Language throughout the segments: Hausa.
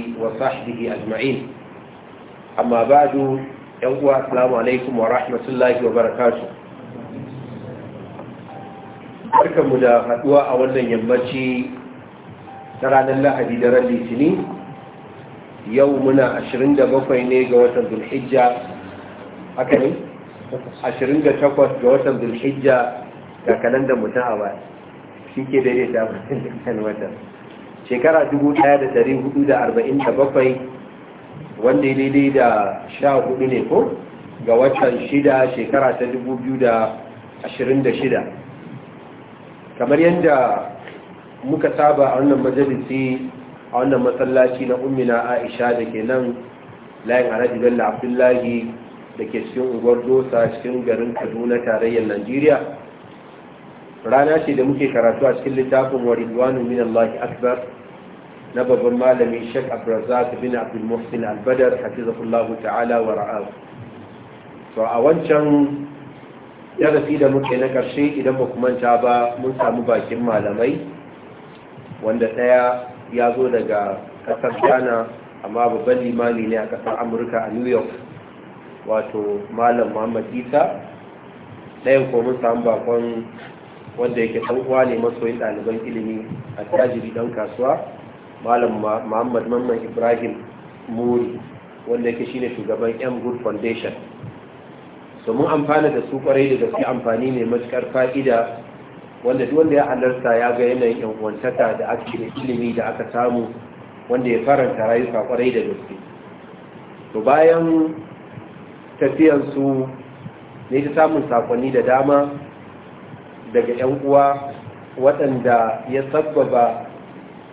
alihi wa sahbihi ajma'in amma ba'du yan uwa assalamu alaikum wa rahmatullahi wa barakatuh barkanmu da haduwa a wannan yammaci ta ranar Lahadi da ran Litini yau muna 27 ne ga watan Zulhijja haka ne 28 ga watan Zulhijja ga kalandar mutum a baya shi ke daidaita kan watan shekara 1447 wanda ya daidai da sha hudu ne ko ga watan shida shekara ta 2026 kamar yadda muka saba a wannan majalisi a wannan matsalaci na umina aisha da ke nan layin alhaji bello abdullahi da ke cikin unguwar dosa cikin garin kaduna tarayyar najeriya rana ce da muke karatu a cikin littafin wa minallahi akbar na babban malami Sheikh Abdulrazak bin Abdul Albadar Al-Badar hafizahullahu ta'ala wa ra'ar. to a wancan darasi da muke na ƙarshe idan ba manta ba mun samu bakin malamai wanda ɗaya ya zo daga ƙasar Ghana amma babban limani ne a ƙasar Amurka a New York wato malam Muhammad Isa ɗayan ko mun samu bakon wanda yake ɗan uwa ne masoyin ɗaliban ilimi a tajiri ɗan kasuwa malam muhammad mamman ibrahim muri wanda yake shine shugaban m good foundation so mun amfana da su kwarai da gaske amfani ne matukar fa'ida wanda duk wanda ya halarta ya ga yanayin yan da ake da ilimi da aka samu wanda ya faranta rayuka kwarai da gaske to bayan tafiyan su ne ta samun sakonni da dama daga yan uwa waɗanda ya sabbaba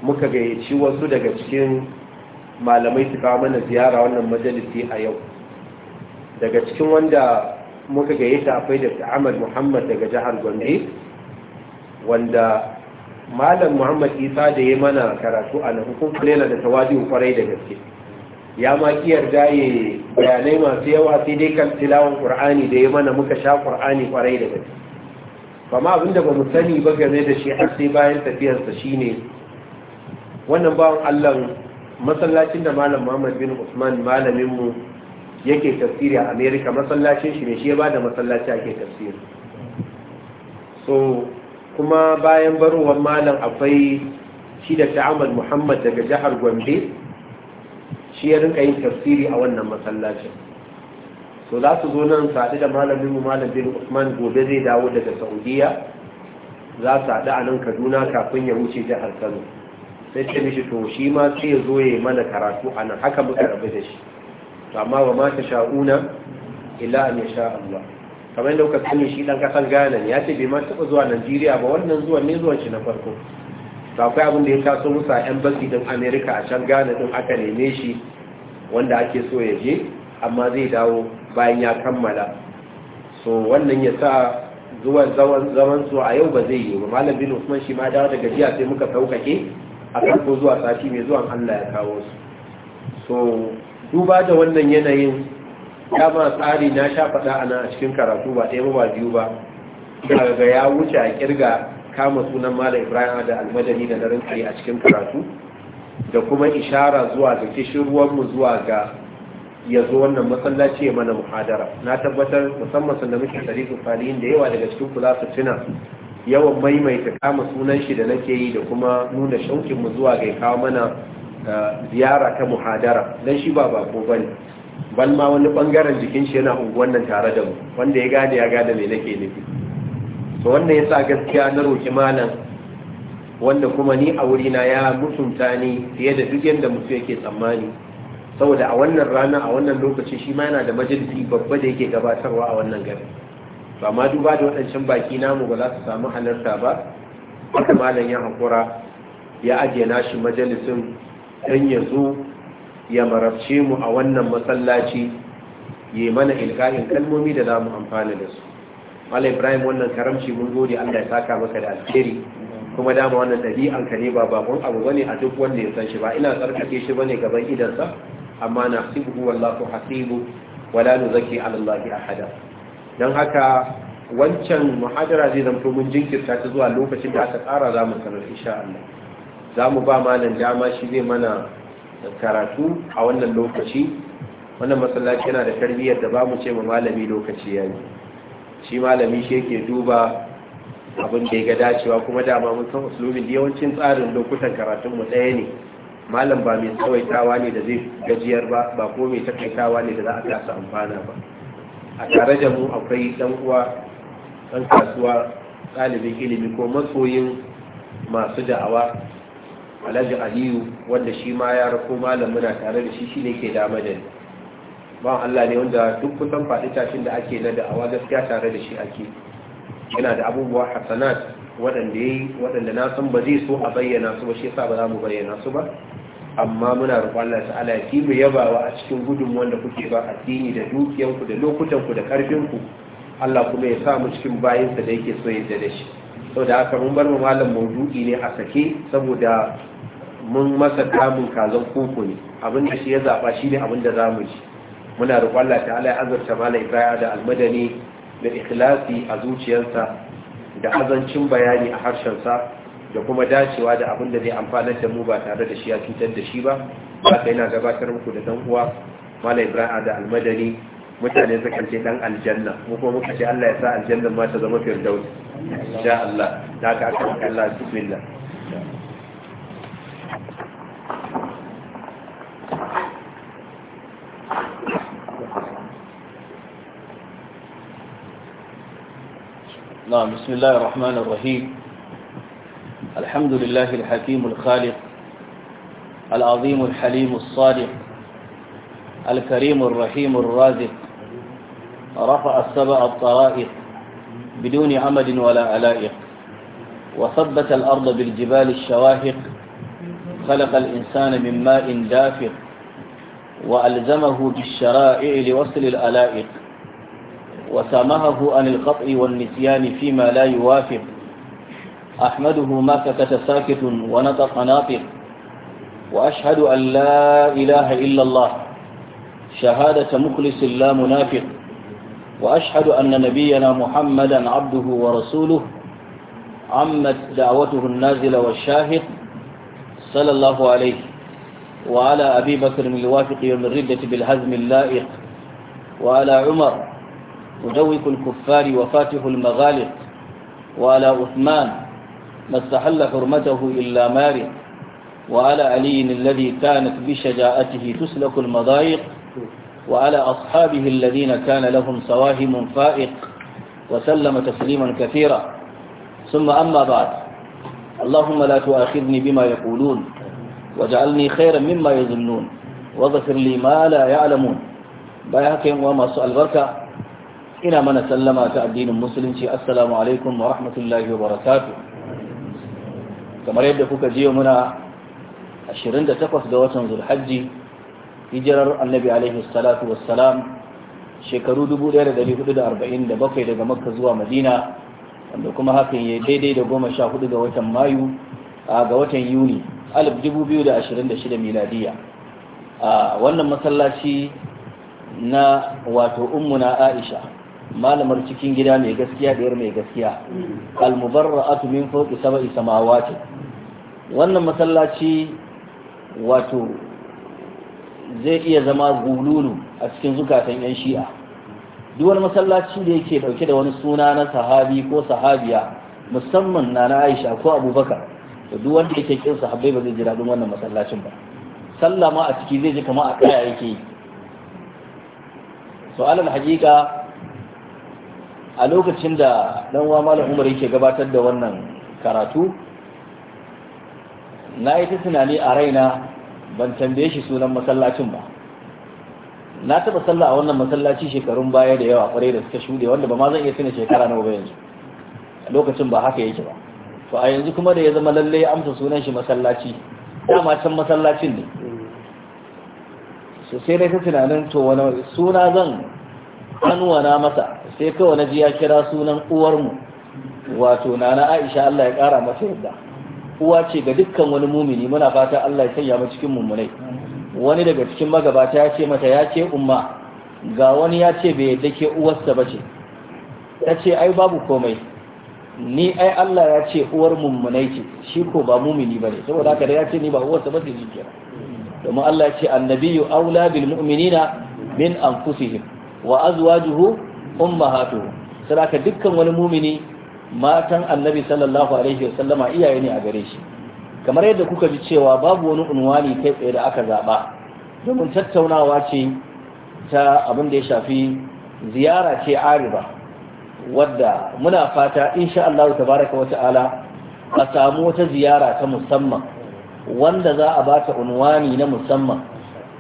muka gayyaci wasu daga cikin malamai su kawo mana ziyara wannan majalisi a yau daga cikin wanda muka gayyata akwai da Ahmad Muhammad daga jihar Gombe wanda malam Muhammad Isa da ya mana karatu a nan hukun yana da tawadi'u kwarai da gaske ya ma kiyar ya bayanai masu yawa sai dai kan tilawan Qur'ani da ya mana muka sha Qur'ani kwarai da gaske amma abinda ba mu sani ba game da shi har sai bayan tafiyarsa shine wannan bawan allah masallacin da malam muhammad bin usman malaminmu yake tafsiri a america masallacin shi ne shi ya ba da masallaci ake tafsiri so kuma bayan barowar malam akwai shi da ta'amal muhammad daga jihar gombe shi ya rinka yin tafsiri a wannan masallacin so za su zo nan saɗi da malamin mu malam bin usman gobe zai dawo daga saudiya za su haɗu a nan kaduna kafin ya wuce jihar kano sai ce mishi to shi ma sai ya zo ya yi mana karatu a nan haka muka rabu da shi to amma ba ma ta sha'una illa an yasha Allah kamar yadda kuka sani shi dan kasar Ghana ne ya ce bai ma taba zuwa Najeriya ba wannan zuwan ne zuwan shi na farko to akwai abin da ya taso musa a embassy din America a can Ghana din aka neme shi wanda ake so ya je amma zai dawo bayan ya kammala so wannan ya sa zuwan zaman zuwa a yau ba zai yi ba malam bin Usman shi ma dawo daga jiya sai muka saukake a karko zuwa sati mai zuwan Allah ya kawo su so duba da wannan yanayin dama tsari na sha faɗa a cikin karatu ba ɗaya ba biyu ba daga ya wuce a kirga kama sunan malam ibrahim da almadani da na rinkaye a cikin karatu da kuma ishara zuwa ga kishirwarmu zuwa ga ya zo wannan masallaci ya mana muhadara na tabbatar musamman sun da muke tsari su da yawa daga cikin kula su tuna yawan maimaita kama sunan shi da nake yi da kuma nuna shaukin mu zuwa ga kawo mana eh, ziyara ta muhadara dan shi ba bako bane ban ma wani bangaren jikin shi yana unguwan nan tare da mu wanda ya gane ya gane me nake nufi to wannan yasa gaskiya na roki malam wanda kuma ni a wuri na ya mutunta ni fiye da duk yadda mutum yake tsammani saboda a wannan rana a wannan lokaci shi ma yana da majalisi babba da yake gabatarwa a wannan gari ba ma duba da waɗancan baki namu ba za su samu halarta ba wata malam ya haƙura ya ajiye nashi majalisin don ya zo ya marabce mu a wannan masallaci ya mana ilka'in kalmomi da za mu amfana da su malam ibrahim wannan karamci mun gode allah ya saka maka da alheri kuma dama wannan ɗabi'an ka ne ba bakon abu bane a duk wanda ya san shi ba ina tsarkake shi bane gaban idansa amma na sibu wallahu hasibu wala nuzaki ala allahi ahada don haka wancan muhajara zai zamto mun jinkirta ta zuwa lokacin da aka tsara za mu sanar insha Allah za mu ba malam dama shi zai mana karatu a wannan lokaci wannan masallaci yana da tarbiyyar da ba mu ce ma malami lokaci ya yi shi malami shi yake duba abin da ya ga dacewa kuma dama mun san usulubin da yawancin tsarin lokutan karatun mu ɗaya ne malam ba mai tsawaitawa ne da zai gajiyar ba ba ko mai takaitawa ne da za a kasa amfana ba a tare da mu akwai ɗan uwa ɗan kasuwa ɗalibin ilimi ko masoyin masu da'awa alhaji aliyu wanda shi ma ya rako malam muna tare da shi shine ke dama da ni ba Allah ne wanda duk kusan faɗi tashin da ake na da'awa gaskiya tare da shi ake yana da abubuwa hasanat waɗanda ya yi waɗanda na san ba zai so a bayyana su ba shi yasa ba za mu bayyana su ba amma muna roƙon Allah ya ki mu yabawa a cikin gudun wanda kuke ba a addini da dukiyanku da lokutanku da ku. Allah kuma ya sa mu cikin bayinsa da yake so yadda da shi da haka mun bar mu malam maudu'i ne a sake saboda mun masa kamun kazan koko ne abin da shi ya zaɓa shi ne abin da za mu ji muna roƙon Allah ala ya azarta malam Ibrahim da almadani da ikhlasi a zuciyarsa da azancin bayani a harshensa da kuma dacewa da abin da zai amfanar da mu ba tare da shi ya cutar da shi ba ba kai na gabatar muku da dan uwa mala ibrahim da almadani mutane suka ce dan aljanna mu kuma muka ce Allah ya sa aljanna ma ta zama firdaus insha Allah da ka aka Allah bismillah نعم بسم الله الرحمن الرحيم الحمد لله الحكيم الخالق العظيم الحليم الصادق الكريم الرحيم الرازق رفع السبع الطرائق بدون عمد ولا علائق وثبت الأرض بالجبال الشواهق خلق الإنسان من ماء دافق وألزمه بالشرائع لوصل الألائق وسامحه عن الخطأ والنسيان فيما لا يوافق أحمده ما سكت ساكت ونطق ناطق وأشهد أن لا إله إلا الله شهادة مخلص لا منافق وأشهد أن نبينا محمدا عبده ورسوله عمت دعوته النازل والشاهد صلى الله عليه وعلى أبي بكر الوافق يوم الردة بالهزم اللائق وعلى عمر مدوك الكفار وفاتح المغالق وعلى عثمان ما استحل حرمته إلا ماري وعلى علي الذي كانت بشجاعته تسلك المضايق وعلى أصحابه الذين كان لهم سواهم فائق وسلم تسليما كثيرا ثم أما بعد اللهم لا تؤاخذني بما يقولون وجعلني خيرا مما يظنون واغفر لي ما لا يعلمون بياكم وما سؤال بركة إنا من سلم تأدين المسلم السلام عليكم ورحمة الله وبركاته kamar yadda kuka je muna 28 ga watan zulhajji hijirar annabi alaihi salatu wassalam shekaru 1447 daga makka zuwa madina wanda kuma hakan ya daidai da 14 ga watan mayu ga watan yuni 2026 miladiya a wannan masallaci na wato ummuna aisha malamar cikin gida mai gaskiya da mai gaskiya almubarra'atu min fawqi sab'i samawati wannan masallaci wato zai iya zama gululu a cikin zukatan yan shi'a duk wani masallaci da yake dauke da wani suna na sahabi ko sahabiya musamman na na Aisha ko Abubakar to duk wanda yake kin sahabbai ba zai jira duk wannan masallacin ba sallama a ciki zai ji kama a kaya yake yi so alal haƙiƙa a lokacin da ɗan wa malam umar yake gabatar da wannan karatu na yi ta tunani a raina ban tambaye shi sunan masallacin ba na taɓa sallah a wannan masallaci shekarun baya da yawa kwarai da suka shuɗe wanda ba ma zan iya tuna shekara nawa ba yanzu lokacin ba haka yake ba to a yanzu kuma da ya zama lallai amsa sunan shi masallaci dama can masallacin ne so sai na ta tunanin to wani suna zan hannuwana masa sai kawai na ji ya kira sunan uwarmu wato nana aisha Allah ya kara masa yadda uwa ce ga dukkan wani mumini muna fata Allah ya sanya mu cikin mummunai wani daga cikin magabata ya ce mata ya ce umma ga wani ya ce bai yadda ke uwarsa ba ce ta ce ai babu komai ni ai Allah ya ce uwar mummunai ce shi ko ba mumini ba ne saboda haka da ya ce ni ba uwarsa ba ce shi kenan domin Allah ya ce annabiyu aula bil mu'minina min anfusihim wa azwajuhu ummahatuhu aka dukkan wani mumini matan annabi sallallahu alaihi sallama iyaye ne a gare shi kamar yadda kuka ji cewa babu wani unwani kai tsaye da aka zaba domin tattaunawa ce ta abin da ya shafi ziyara ce ariba wadda muna fata insha Allah tabaraka wa ta'ala a samu wata ziyara ta musamman wanda za a bata unwani na musamman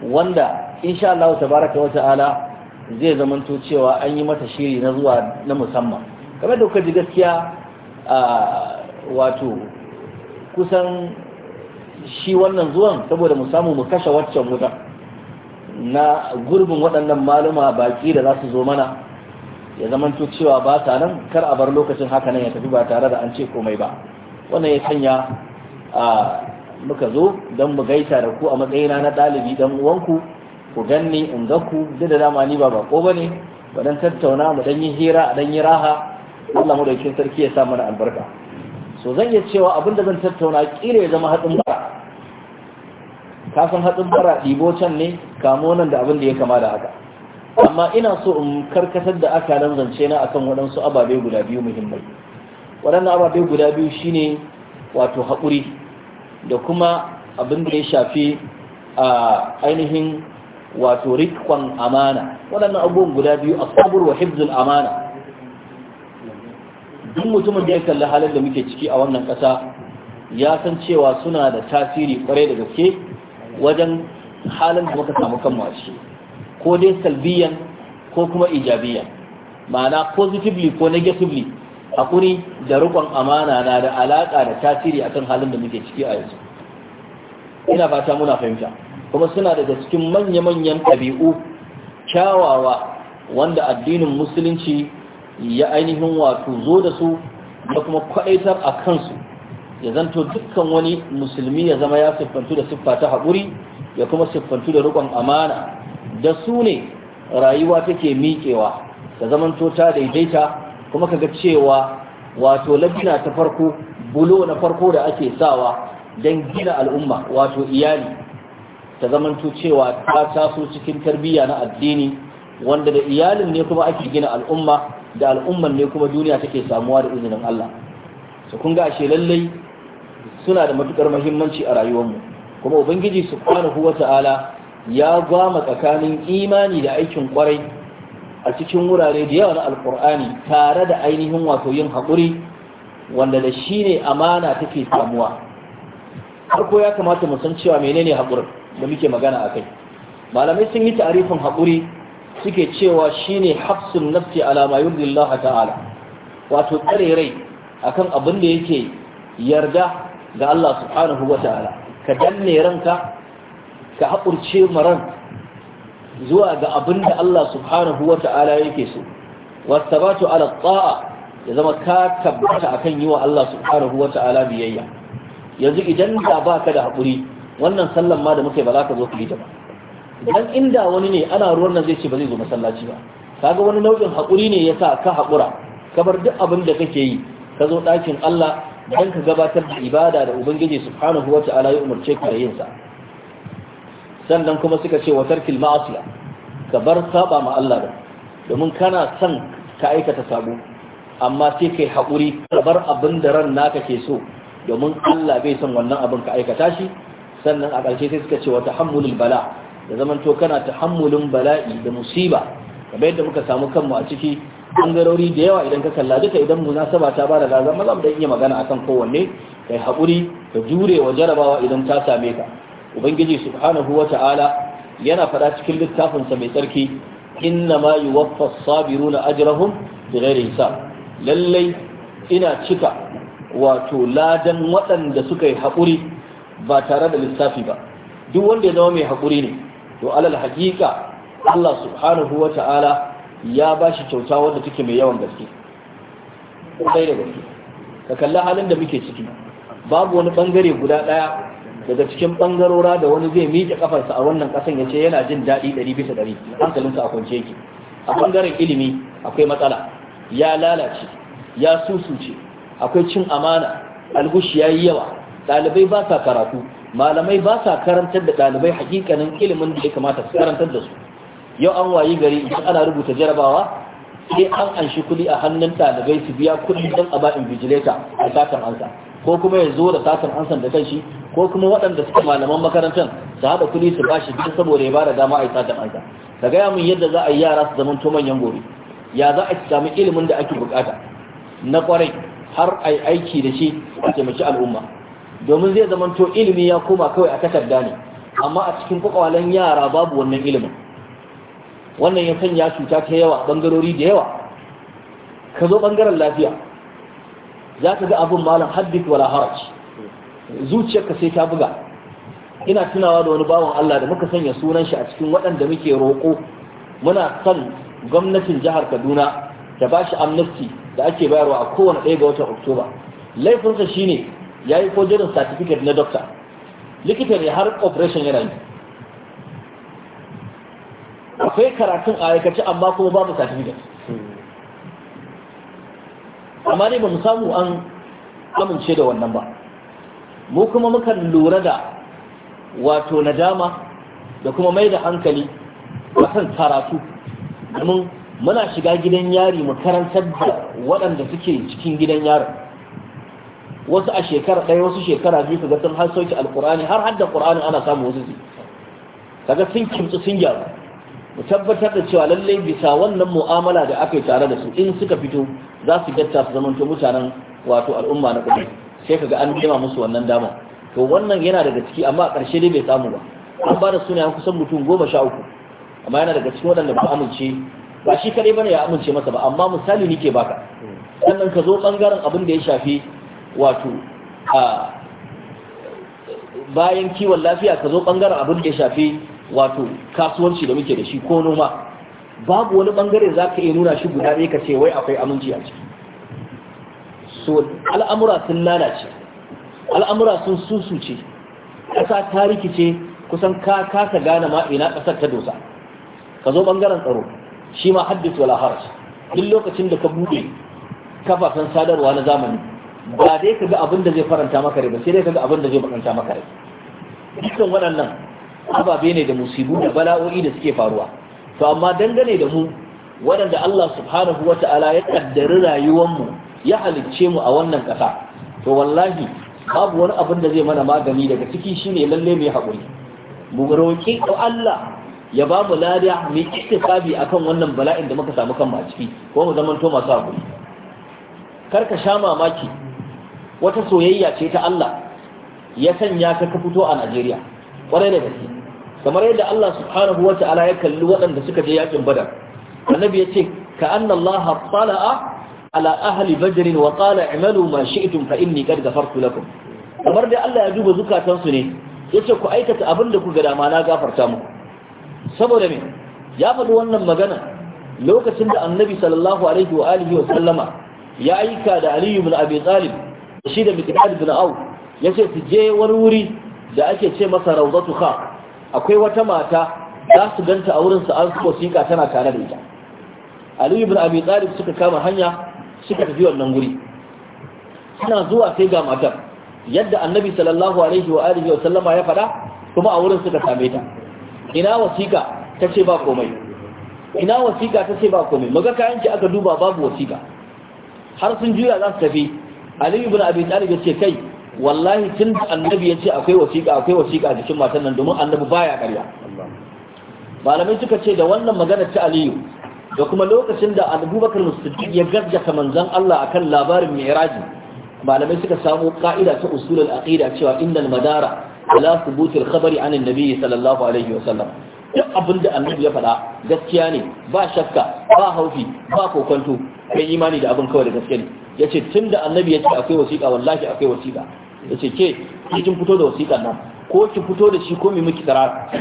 wanda insha Allah tabaraka wa ta'ala zai zamanto cewa an yi mata shiri na zuwa na musamman kamar da kuka ji gaskiya wato kusan shi wannan zuwan saboda mu samu mu kashe waccan wuta na gurbin waɗannan maluma baƙi da za su zo mana ya zamanto cewa ba ta nan kar a bar lokacin haka nan ya tafi ba tare da an ce komai ba wannan ya sanya a muka zo don mu gaita da ku a matsayina na ɗalibi ɗan uwanku ku ganni in ga ku duk da dama ni ba bako bane ba dan tattauna mu dan yi hira a dan yi raha Allah mu dauke sarki ya sa mana albarka so zan iya cewa abin da zan tattauna kire ya zama hatsin bara ka san hatsin bara dibo can ne kamo nan da abin da ya kama da haka amma ina so in karkatar da aka nan zance na akan waɗansu ababe guda biyu muhimmai waɗannan ababe guda biyu shine wato haƙuri da kuma abin da ya shafi a ainihin wato rikon amana waɗannan abubuwan guda biyu a sabur wa hibzul amana duk mutumin da ya kalli halin da muke ciki a wannan ƙasa ya san cewa suna da tasiri kwarai da gaske wajen halin da muka samu kan mashi ko dai salbiyan ko kuma ijabiyan ma'ana positively ko negatively hakuri da rikon amana na da alaƙa da tasiri akan halin da muke ciki a yanzu ina fata muna fahimta kuma suna daga cikin manya-manyan ɗabi'u kyawawa wanda addinin musulunci ya ainihin wato zo da su da kuma kwaɗaitar a kansu ya zanto dukkan wani musulmi ya zama ya siffantu da siffa ta haƙuri ya kuma siffantu da riƙon amana da su ne rayuwa take miƙewa ta zamanto ta daidaita kuma ka ga cewa wato labina ta farko bulo na farko da ake sawa don gina al'umma wato iyali ta zamanto cewa ta taso cikin tarbiyya na addini wanda da iyalin ne kuma ake gina al'umma da al'umman ne kuma duniya take samuwa da izinin Allah su kun lallai suna da matukar muhimmanci a rayuwarmu kuma ubangiji su huwa ta'ala ya gwama tsakanin imani da aikin kwarai a cikin wurare da yawa na alkur'ani tare da ainihin wato yin haƙuri wanda da shi ne amana take samuwa farko ya kamata mu san cewa menene haƙurin da muke magana a kai malamai sun yi tarifin haƙuri suke cewa shine hafsun nafsi alama ma yurdillah ta'ala wato tsare rai akan abin da yake yarda ga Allah subhanahu wa ta'ala ka danne ranka ka haƙurce maran zuwa ga abin da Allah subhanahu wa ta'ala yake so wasabatu ala ta'a ya zama ka tabbata akan yi wa Allah subhanahu wa ta'ala biyayya yanzu idan da baka da haƙuri wannan sallan ma da muke ba za ka zo ka yi ba idan inda wani ne ana ruwan nan zai ce ba zai zo masallaci ba kaga wani nau'in haƙuri ne ya sa ka haƙura ka bar duk abin da kake yi ka zo ɗakin Allah don ka gabatar da ibada da ubangiji subhanahu wa ta'ala ya umarce ka da yin sa sannan kuma suka ce wa tarkil ma'asiya ka bar saba ma Allah da domin kana son ka aikata sabo amma sai kai haƙuri ka bar abin da ran naka ke so domin Allah bai son wannan abin ka aikata shi sannan a ƙarshe sai suka ce wa tahammulul bala da zaman to kana tahammulun bala'i da musiba kamar yadda muka samu kanmu a ciki bangarori da yawa idan ka kalla duka idan munasaba ta bada da zama zamu da iya magana akan kowanne kai haƙuri ka jure wa jarabawa idan ta same ka ubangiji subhanahu wata'ala yana faɗa cikin littafinsa mai tsarki inna ma yuwaffa sabiruna ajrahum bighairi hisab lallai ina cika wato ladan waɗanda suka yi haƙuri ba tare da lissafi ba duk wanda ya zama mai haƙuri ne to alal haƙiƙa Allah subhanahu wa ta'ala ya ba shi kyauta wadda take mai yawan gaske sai da gaske ka kalli halin da muke ciki babu wani bangare guda ɗaya daga cikin bangarora da wani zai miƙe kafarsa a wannan ƙasan ya ce yana jin daɗi ɗari bisa ɗari a kwance yake a bangaren ilimi akwai matsala ya lalace ya susuce akwai cin amana algushi ya yi yawa Dalibai ba sa karatu malamai ba sa karantar da dalibai hakikanin ilimin da ya kamata su karantar da su yau an wayi gari idan ana rubuta jarabawa sai an anshi kuɗi a hannun ɗalibai su biya kuɗi don a ba invigilator a satan ansa ko kuma ya zo da satan ansan da kanshi ko kuma waɗanda suka malaman makarantar su haɗa kuɗi su bashi duk saboda ya ba da dama a yi satan ansa ka gaya min yadda za a yi yara su zama to manyan gobe ya za a samu ilimin da ake bukata na kwarai har a yi aiki da shi a taimaki al'umma domin zai zamanto ilimi ya koma kawai a takarda ne amma a cikin kwakwalen yara babu wannan ilimin wannan ya sanya cuta ta yawa bangarori da yawa ka zo bangaren lafiya za ka ga abin malam haddik wala haraj zuciyarka sai ta buga ina tunawa da wani bawan Allah da muka sanya sunan shi a cikin waɗanda muke roƙo muna son gwamnatin jihar Kaduna ta bashi amnesty da ake bayarwa a kowane ɗaya ga watan Oktoba laifinsa shine ya yi fojirin certificate na dokta likita ne har operation yana yi akwai karatun a aikace amma kuma babu certificate amma ne ba mu samu an amince da wannan ba mu kuma mukan lura da wato nadama da kuma mai da hankali kan karatu domin muna shiga gidan yari mu karantar da waɗanda suke cikin gidan yarin wasu a shekara ɗaya wasu shekara biyu ka ga har sauki alkur'ani har hadda qur'ani ana samu wasu su kaga sun kimtsu sun gyaru mu tabbatar da cewa lallai bisa wannan mu'amala da aka yi tare da su in suka fito za su gatta su zamanto mutanen wato al'umma na kudu sai kaga an nema musu wannan dama to wannan yana daga ciki amma a ƙarshe dai bai samu ba an ba da sunayen kusan mutum goma sha uku amma yana daga cikin waɗanda ba amince ba shi kaɗai bane ya amince masa ba amma misali nike baka sannan ka zo ɓangaren abin da ya shafi wato a bayan kiwon lafiya ka zo bangaren abin da ya shafi wato kasuwanci da muke da shi ko noma babu wani bangare za ka iya nuna shi guda ɗaya ka ce wai akwai aminci a ciki so al'amura sun lalace al'amura sun susuce ƙasa ta rikice kusan ka kasa gane ma ina ƙasar ta dosa ka zo bangaren tsaro shi ma haddisa wala haras duk lokacin da ka buɗe kafafen sadarwa na zamani ba dai ka ga abin da zai faranta maka rai ba sai dai ka ga abin da zai bakanta maka rai dukkan waɗannan ababe ne da musibu da bala'o'i da suke faruwa to amma dangane da mu waɗanda Allah subhanahu wa ta'ala ya kaddari rayuwarmu ya halicce mu a wannan ƙasa to wallahi babu wani abin da zai mana magani daga ciki shine lalle mai haƙuri mu roƙi Allah ya ba mu lada mai ittifabi akan wannan bala'in da muka samu kan a ciki ko mu zamanto masu haƙuri kar ka sha mamaki wata soyayya ce ta Allah ya sanya ta ka fito a Najeriya kwarai da gaske kamar yadda Allah subhanahu wa ta'ala ya kalli waɗanda suka je yakin badar annabi ya ce ka anna Allah tala'a ala ahli badr wa qala i'malu ma shi'tum fa inni qad ghafartu lakum kamar da Allah ya duba zukatansu ne yace ku aikata abin da ku ga dama na gafarta muku saboda me ya faɗi wannan magana lokacin da annabi sallallahu alaihi wa alihi wa sallama ya aika da Ali ibn Abi Talib shi da miqdad bin ya yace su je wani wuri da ake ce masa rawzatu kha akwai wata mata za su ganta a wurin su an su wasiƙa tana tare da ita Ali ibn Abi Talib suka kama hanya suka tafi wannan guri suna zuwa sai ga matar yadda Annabi sallallahu alaihi wa alihi wa sallama ya faɗa kuma a wurin suka same ta ina wasiƙa tace ba komai ina wasiƙa tace ba komai muga kayan ki aka duba babu wasiƙa har sun juya za su tafi ali ibn abi talib yace kai wallahi tun da annabi yace akwai wasiƙa akwai wasiƙa a jikin matan nan domin annabi baya ƙarya malamai suka ce da wannan magana ta aliyu da kuma lokacin da abubakar siddiq ya garjata manzon Allah akan labarin mi'raji malamai suka samu ka'ida ta usulul aqida cewa innal madara ala khabar khabari anin nabiy sallallahu alaihi sallam. duk abin da annabi ya faɗa gaskiya ne ba shakka ba haufi ba kokonto kai imani da abin kawai da gaskiya ne Ya ce tun da annabi ya ce akwai wasiƙa wallahi akwai wasiƙa ya ce ke kin fito da wasiƙan nan ko ki fito da shi ko mai miki Narabawa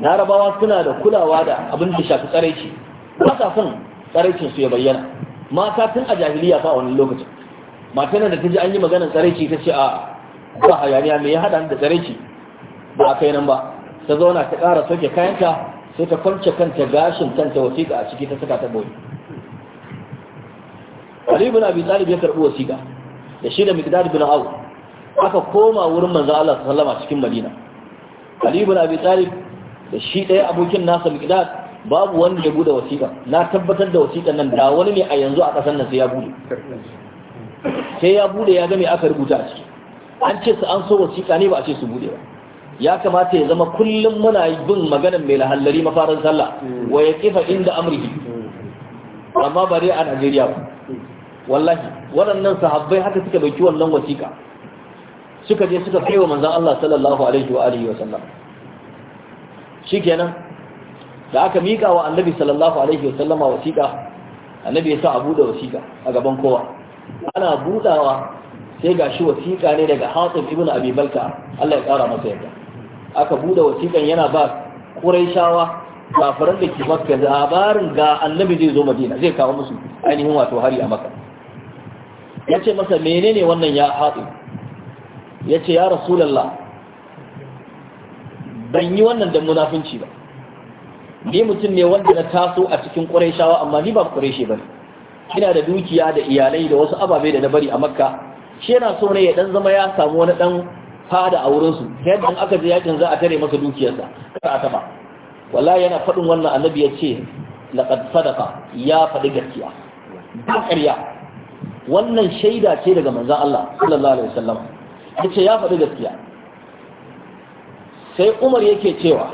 larabawa suna da kulawa da abin da shafi tsaraici ba sa son tsaraicin su ya bayyana mata tun a jahiliya fa wani lokacin matan da ta ji an yi maganar tsaraici ta ce a ba hayaniya mai ya hada da tsaraici ba a kai nan ba ta zauna ta ƙara soke kayanta sai ta kwance kanta gashin kanta wasiƙa a ciki ta saka ta boye Ali ibn Abi Talib ya karbi wasiƙa da shi da Miqdad ibn Aw aka koma wurin manzo Allah sallama cikin Madina Ali ibn Abi Talib da shi ɗaya abokin nasa Miqdad babu wanda ya bude wasiƙa na tabbatar da wasiqan nan da wani ne a yanzu a ƙasar nan sai ya bude sai ya bude ya ga me aka rubuta a ciki an ce su an so wasiƙa ne ba a ce su bude ba ya kamata ya zama kullum muna bin maganar mai lahallari mafarin sallah wa ya kifa inda amurki amma bare a Najeriya ba wallahi waɗannan sahabbai haka suka dauki wannan wasiƙa suka je suka kai wa manzon Allah sallallahu alaihi wa alihi wa sallam da aka mika wa annabi sallallahu alaihi wa sallama wasiƙa annabi ya sa a buɗe wasiƙa a gaban kowa ana buɗawa sai gashi wasiƙa ne daga Hatib ibn Abi Balka Allah ya ƙara masa yadda. aka buɗe wasiƙan yana ba Qurayshawa kafiran da ke Makka labarin ga annabi zai zo Madina zai kawo musu ainihin wato hari a Makka ya ce masa menene wannan ya haɗu ya ce ya rasulallah ban yi wannan da munafinci ba ni mutum ne wanda na taso a cikin shawa, amma ni ba shi ba ina da dukiya da iyalai da wasu ababe da na bari a makka shi yana so ne ya dan zama ya samu wani ɗan fada a wurinsu ta yadda aka je yakin za a tare masa dukiyarsa kar a taba wallahi yana faɗin wannan annabi ya ce laqad sadaqa ya faɗi gaskiya ba ƙarya wannan shaida ce daga manzan Allah sallallahu alaihi wasallam ce ya faɗi gaskiya sai Umar yake cewa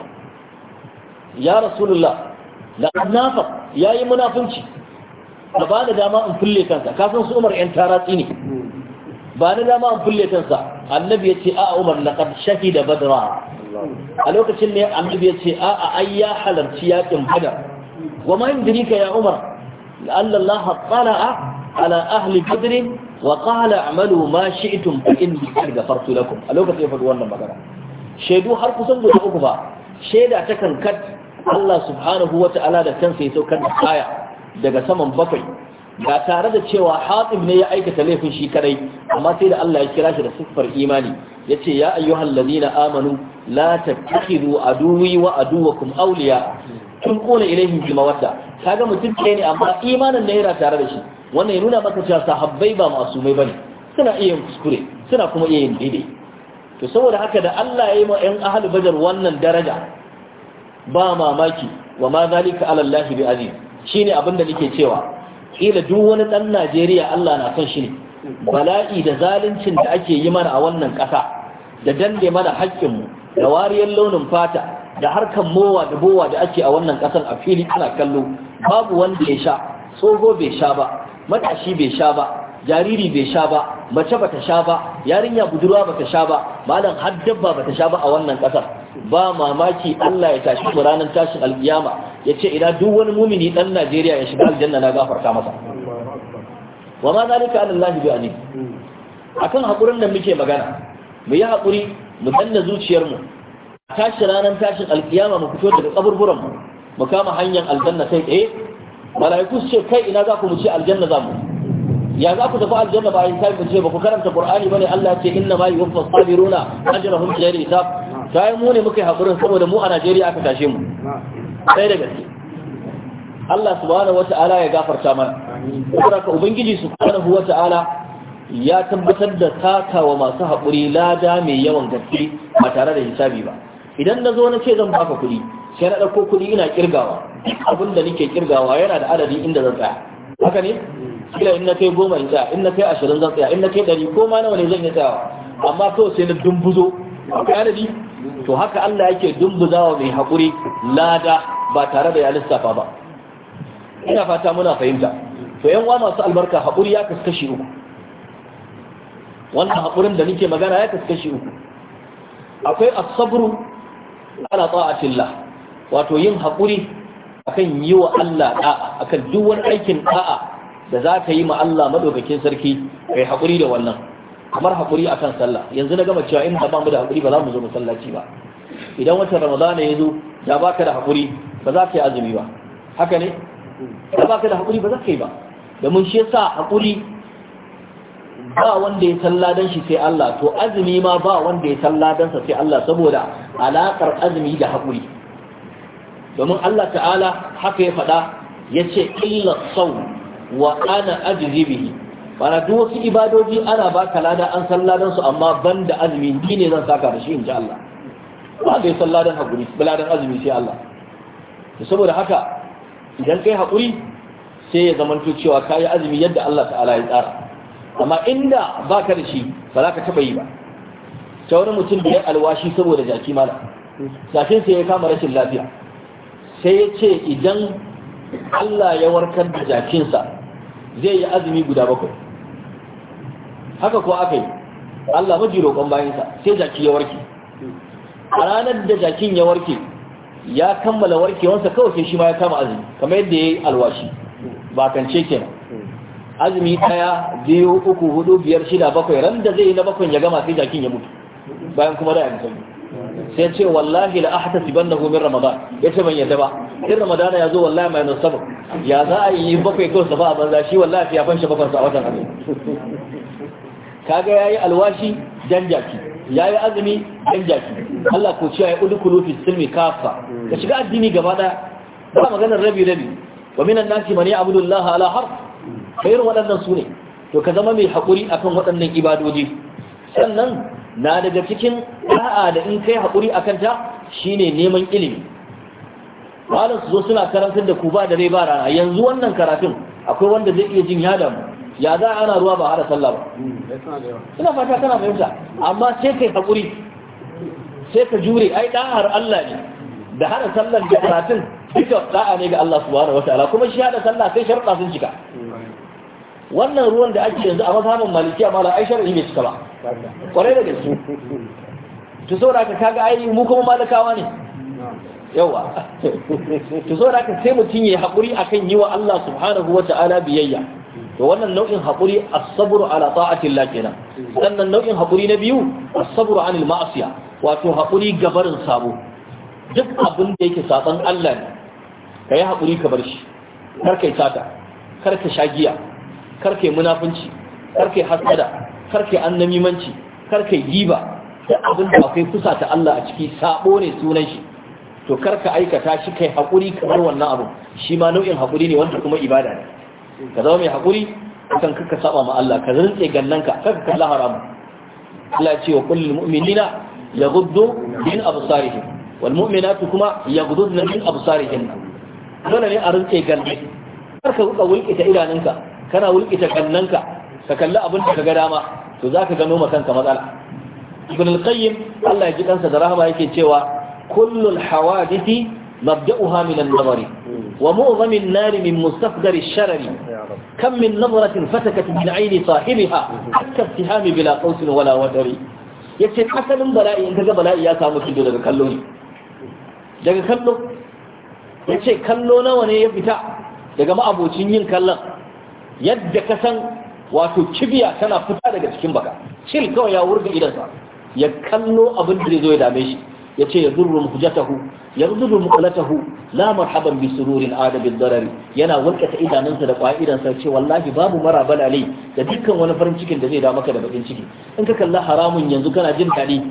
ya rasulullah la annafaq yayi munafunci da ba da dama in fulle kansa kafin su Umar yan taratsi ne ba da dama in fulle kansa annabi ya ce a Umar na laqad da badra a lokacin ne annabi yace a a ai ya halarci yakin badar wa ma yudrika ya Umar la'alla Allah tala'a على أهل بدر وقال اعملوا ما شئتم فإني قد غفرت لكم ألوك سيفد وانا مغانا شهدوا حرق سنبو تقوكبا شهدا تكن كد الله سبحانه وتعالى da kansa ya saukar da kaya daga saman bakwai ga tare da cewa Hatib ne ya aikata laifin shi kadai amma sai da Allah ya kira shi da siffar imani ce ya ayyuhal ladina amanu la tattakhidu aduwi wa aduwakum awliya tulquna ilayhim bil kaga mutum ne amma imanin ne yana tare da shi wannan ya nuna maka cewa sahabbai ba masu mai bane suna iya yin kuskure suna kuma iya yin daidai to saboda haka da Allah ya yi ma 'yan ahlul badar wannan daraja ba mamaki wa ma zalika ala Allah bi azim shine abin da nake cewa kila duk wani dan Najeriya Allah na son shi ne bala'i da zaluncin da ake yi mana a wannan ƙasa da dande mana mu da wariyar launin fata da harkan mowa da bowa da ake a wannan ƙasar a fili ana kallo babu wanda ya sha tsoho bai sha ba matashi bai sha ba jariri bai sha ba mace bata sha ba yarinya budurwa bata sha ba malam har dabba bata sha ba a wannan kasar ba mamaki Allah ya tashi mu ranar tashin alkiyama ce ina duk wani mumini dan Najeriya ya shiga aljanna na gafarta masa wa ma zalika ala Allah bi alim akan hakurin da muke magana mu yi hakuri mu danna zuciyar mu tashi ranar tashin alkiyama mu fito daga kaburburan mu mu kama hanyar aljanna sai eh malaiku su ce kai ina za ku mu ci aljanna za mu ya za ku tafi aljanna bayan kai ku ce ba ku karanta qur'ani ne? Allah ce inna ma yuwaffa sabiruna ajrahum bi ghairi hisab kai mu ne muka yi haƙurin saboda mu a Najeriya aka tashe mu sai da gaske Allah subhanahu ta'ala ya gafarta mana kuma ka ubangiji subhanahu ta'ala. ya tabbatar da takawa masu haƙuri lada mai yawan gaske ba tare da hisabi ba idan na zo na ce zan baka kuɗi sai na ɗauko kuɗi ina kirgawa abin da nake kirgawa yana da adadi inda zan tsaya haka ne kila in na kai goma in tsaya in na kai ashirin zan tsaya in na kai ɗari ko ma nawa ne zan yi tsayawa amma kawai sai na dumbuzo akwai adadi to haka Allah yake dumbuzawa mai haƙuri lada ba tare da ya lissafa ba ina fata muna fahimta to yan masu albarka haƙuri ya kaskashi uku wannan haƙurin da nake magana ya kaskashi uku akwai asabru ala ta'atillah wato yin haƙuri akan yi wa Allah da'a akan duk wani aikin da'a da za ka yi ma Allah madaukakin sarki kai haƙuri da wannan kamar haƙuri akan sallah yanzu na gama cewa in ba mu da haƙuri ba za mu zo masallaci ba idan watan ramadana ya zo da ba ka da haƙuri ba za ka yi azumi ba haka ne da ba ka da haƙuri ba za ka yi ba Da mun shi yasa haƙuri ba wanda ya salladan shi sai Allah to azumi ma ba wanda ya salladan sa sai Allah saboda alaƙar azumi da haƙuri domin Allah ta'ala haka ya faɗa ya ce illa sau wa ana ajizi bihi bana duk wasu ibadoji ana ba ka lada an san ladan su amma ban da azumi ni ne zan saka da shi in ji Allah ba zai san ladan hakuri azumi sai Allah to saboda haka idan kai hakuri sai ya zamanto cewa kayi azumi yadda Allah ta'ala ya tsara amma inda baka da shi ba za ka taba yi ba ta wani mutum da ya alwashi saboda jaki mala jakin sai ya kama rashin lafiya sai ya ce idan Allah ya warkar da jakinsa zai yi azumi guda bakwai haka ko aka yi Allah maji roƙon bayansa sai jaki ya warke a ranar da jakin ya warke ya kammala warkewansa kawai sai shi ma ya kama azumi kamar yadda ya yi alwashi ba kance kenan azumi ɗaya biyu uku hudu biyar shida bakwai ran da zai yi na bakwai ya gama sai jakin ya mutu bayan kuma da ya musamman sai ce wallahi la ahtasibannahu min ramadan yace ban yadda ba in ramadan ya zo wallahi mai nasabu ya za a yi bakwai kawai safa a banza shi wallahi ya fanshi bakwai a watan azumi kaga yayi alwashi janjaki yayi azumi janjaki Allah ko ciya ya udkhulu fi silmi kafa ka shiga addini gaba daya ba maganar rabi rabi wa minan nasi man ya'budu Allah ala harf kai irin waɗannan to ka zama mai hakuri akan waɗannan ibadoji sannan na daga cikin ra'a da in kai hakuri a ta shine neman ilimi malam su zo suna karantar da ku ba da rai ba rana yanzu wannan karatun akwai wanda zai iya jin ya damu ya za ana ruwa ba hada sallah ba hmm, suna fata kana fahimta amma sai kai haƙuri sai ka jure ai har Allah ne da hada sallar da karatun duka da'a ne ga Allah subhanahu wataala kuma shi hada sallah sai sharuɗa sun cika hmm. wannan ruwan da ake yanzu a mazhabin maliki a ai shar'i bai cika ba kwarai da gaske to saboda ka kaga ai mu kuma malakawa ne yawa to saboda ka sai mutum ya haƙuri akan yi wa Allah subhanahu wa ta'ala biyayya to wannan nau'in haƙuri as-sabru ala ta'ati Allah kenan sannan nau'in haƙuri na biyu as-sabru anil ma'asiya wato haƙuri gabarin sabo duk abin da yake saban Allah ne kai haƙuri ka bar shi kar kai sata kar ka sha giya karke munafunci karke hasada karke annamimanci karke giba da abin da akwai kusa ta Allah a ciki sabo ne sunan shi to karka aikata shi kai hakuri kamar wannan abu shi ma nau'in hakuri ne wanda kuma ibada ne ka zama mai hakuri kan kaka saba ma Allah ka rantse gallanka kaka kalla haram Allah ya ce wa kullil mu'minina yaghuddu min absarihim wal mu'minatu kuma yaghudduna min absarihim dole ne a rantse galle karka ka wulke ta idanunka kana wulkita kannanka ka kalli abin da ka ga dama to za ka gano ma kanka matsala ibn al-qayyim Allah ya ji kansa da rahama yake cewa kullul hawadithi mabda'uha min an-nazari wa mu'zam an-nar min mustafdar ash-sharari kam min nazratin fatakat min 'ayni sahibiha hatta ittiham bila qawsin wala wadari yace asalin bala'i in kaga bala'i ya samu kido daga kallo ne daga kallo yace kallo nawa ne ya fita daga ma'abocin yin kallon yadda ka san wato kibiya tana fita daga cikin baka cil kawai ya wurga idansa ya kallo abin da zo dame shi ya ce ya zurru hujjatahu ya zurru muqalatahu la marhaban bi sururin adabil darari yana ta idanunsa da kwa idansa ce wallahi babu mara balale da dukkan wani farin cikin da zai da maka da bakin ciki in ka kalla haramun yanzu kana jin daɗi?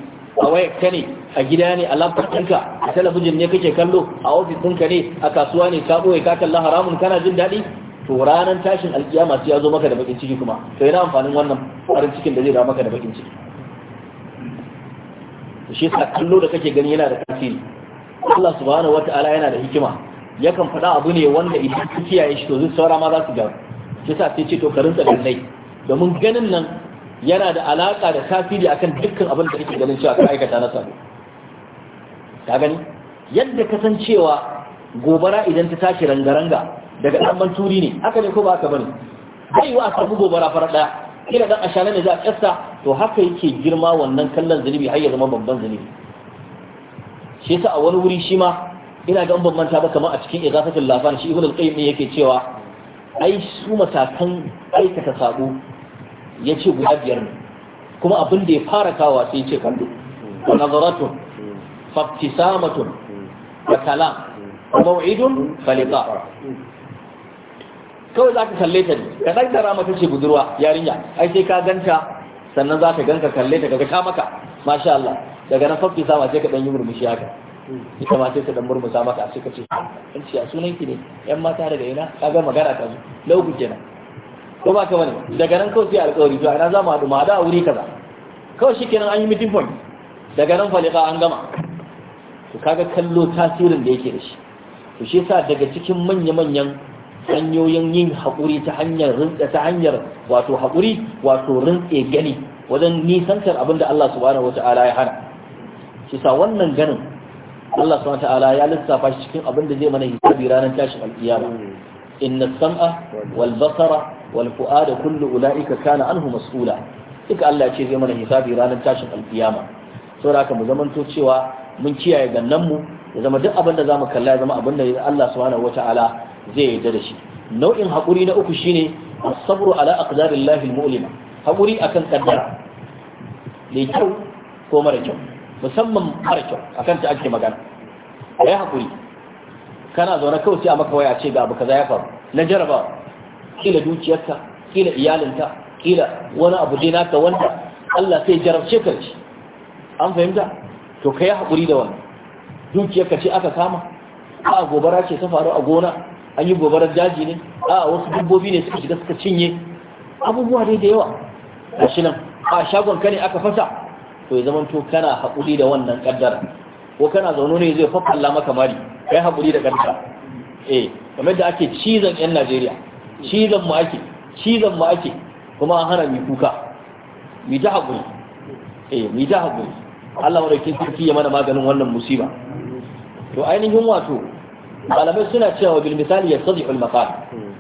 a wayar ka ne a gida ne a laptop ɗinka a talabijin ne kake kallo a ofis ɗinka ne a kasuwa ne ka ɓoye ka kalla haramun kana jin daɗi to ranar tashin alkiyama sai ya zo maka da bakin ciki kuma to yana amfanin wannan farin cikin da zai da maka da bakin ciki to shi yasa kallo da kake gani yana da tasiri Allah subhanahu wata'ala yana da hikima yakan faɗa abu ne wanda idan kike kiyaye shi to zai saura ma za su ga shi sai ce to karin rinsa Da domin ganin nan yana da alaka da tasiri akan dukkan abin da kake ganin cewa ka aikata na sa ka gani yadda kasancewa gobara idan ta tashi rangaranga daga dan manturi ne haka ne ko ba haka bane bai wa a samu gobara fara daya kila dan ashana ne za a kasta to haka yake girma wannan kallon zunubi har ya zama babban zunubi shi yasa a wani wuri shi ma ina ga ban manta ba kamar a cikin igafatul lafan shi ibnu al-qayyim ne yake cewa ai su matakan aikata sabo yace guda biyar ne kuma abin da ya fara kawa sai ce kallo wa nazaratun fabtisamatun wa kalam wa maw'idun kawai za ka kalle ta ne ka ɗan tara mata ce budurwa yarinya ai sai ka ganta sannan za ka ganka kalle ta kaga ka maka masha Allah daga nan fafi sama sai ka ɗan yi murmushi haka ita ma sai ta ɗan murmusa maka sai ka ce an ce sunan ki ne yan mata daga ina ka ga magana ta zo lauku kenan ko ba ka wani daga nan kawai sai alƙawari to ina za mu haɗu ma da wuri kaza kawai shikenan an yi meeting point daga nan falika an gama to kaga kallo tasirin da yake da shi to shi yasa daga cikin manya-manyan hanyoyin yin haƙuri ta hanyar rinka ta hanyar wato haƙuri wato rintse gani wajen nisantar abinda Allah subhanahu wata'ala ya hana shi sa wannan ganin Allah subhanahu ta'ala ya lissafa shi cikin abinda zai mana hisabi ranar tashin alƙiyama inna sam'a wal basara wal fu'ada kullu ulaika kana anhu mas'ula duka Allah ya ce zai mana hisabi ranar tashin alƙiyama saboda haka mu zamanto cewa mun kiyaye gannan mu ya zama duk abin da za mu kalla ya zama abin da Allah subhanahu ta'ala zai yarda da shi nau'in haƙuri na uku shine as-sabru ala aqdarillahi al-mu'lima haƙuri akan kaddara mai kyau ko mara kyau musamman mara kyau akan ta ake magana kai haƙuri kana zaune kawai sai a maka waya ce ga abu kaza ya faru na jaraba kila dukiyarka kila iyalinka kila wani abu dai naka wanda Allah sai jarabce ka an fahimta to kai haƙuri da wannan ka ce aka kama a gobara ce ta faru a gona an yi gobarar daji ne a wasu dubbobi ne suka shiga suka cinye abubuwa dai da yawa gashi nan a shagon ka ne aka fasa to ya zama to kana haƙuri da wannan kaddara ko kana zaune ne zai Allah maka mari kai haƙuri da kaddara eh kamar da ake cizon yan Najeriya cizon mu ake cizon mu ake kuma an hana mi kuka mi ta haƙuri eh mi ta haƙuri Allah madaukin sarki ya mana maganin wannan musiba to ainihin wato malamai suna cewa bil misali ya sadi maqal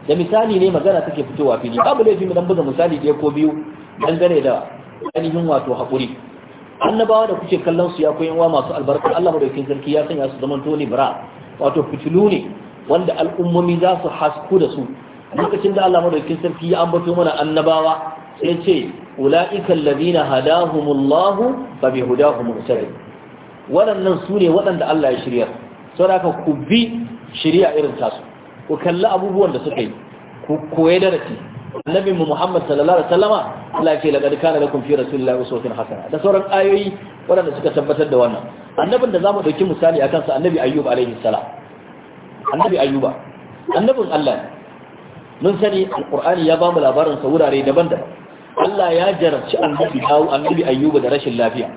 da misali ne magana take fitowa fili babu laifi mu dan buga misali ɗaya ko biyu dangane da ainihin wato hakuri annabawa da kuke kallon su ya koyan wa masu albarkar Allah madaukakin sarki ya sanya su zaman toni bara wato fitilu ne wanda al'ummomi za su hasku da su lokacin da Allah madaukakin sarki ya ambato mana annabawa sai ce ula'ika alladhina hadahumullahu fa bihudahum waɗannan su ne waɗanda Allah ya shirya sau da ku bi shirya irin tasu ku kalli abubuwan da suka yi ku koye da rafi annabi mu Muhammad sallallahu alaihi wasallama Allah ya ce laqad kana lakum fi rasulillahi uswatun hasana da sauran ayoyi waɗanda suka tabbatar da wannan annabin da zamu dauki misali akan sa annabi ayyub alaihi salam annabi ayyuba annabin Allah mun sani alqur'ani ya bamu labarin sa wurare daban-daban Allah ya jarabci annabi Dawud annabi ayyuba da rashin lafiya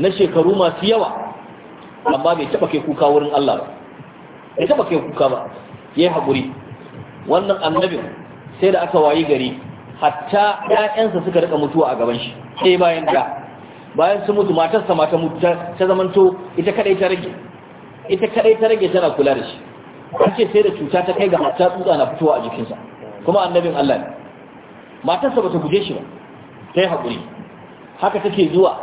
na shekaru masu yawa amma bai taba kai kuka wurin Allah ba bai taba kai kuka ba yayi hakuri wannan annabin sai da aka wayi gari hatta ƴaƴansa suka rika mutuwa a gaban shi sai bayan da bayan su mutu matarsa mata mutu ta zamanto ita kadai ta rage ita kadai ta rage tana kula da shi kace sai da cuta ta kai ga hatta tsutsa na fitowa a jikinsa kuma annabin Allah ne matarsa bata guje shi ba sai hakuri haka take zuwa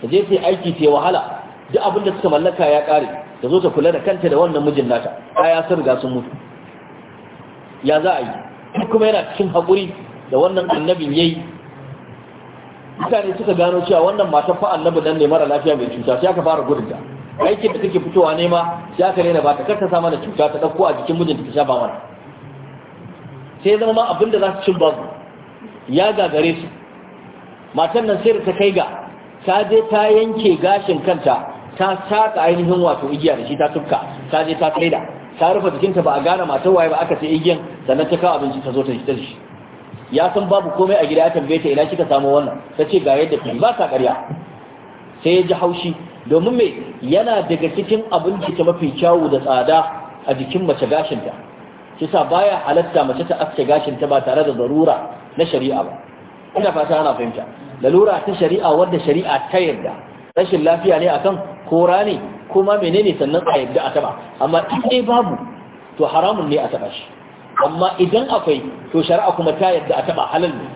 ta je ta aiki ta wahala duk abin da suka mallaka ya kare ta zo ta kula da kanta da wannan mijin nata ta ya sun riga sun mutu ya za a yi kuma yana cikin haƙuri da wannan annabin yayi mutane suka gano cewa wannan mata fa annabi dan ne mara lafiya mai cuta sai aka fara gudun ta aikin da take fitowa nema sai aka rena ba ta karta sa mana cuta ta dauko a jikin mijinta ta shafa mana sai zama ma abin da za su cin babu ya gagare su matan nan sai ta kai ga ta je ta yanke gashin kanta ta saka ainihin wato igiya da shi ta tukka ta je ta tsaida ta rufe jikinta ba a gane matar waye ba aka ce igiyan sannan ta kawo abinci ta zo ta shi ya san babu komai a gida ya tambaye ta ina kika samu wannan ta ce ga yadda ta ba ta ƙarya sai ya ji haushi domin me yana daga cikin abin da mafi kyawu da tsada a jikin mace gashinta kisa baya halatta mace ta aske gashinta ba tare da zarura na shari'a ba ina fata ana fahimta lalura ta shari'a wadda shari'a ta yarda rashin lafiya ne akan kora ne kuma menene sannan a yadda a taba amma in dai babu to haramun ne a taba shi amma idan akwai to shari'a kuma ta yadda a taba halal ne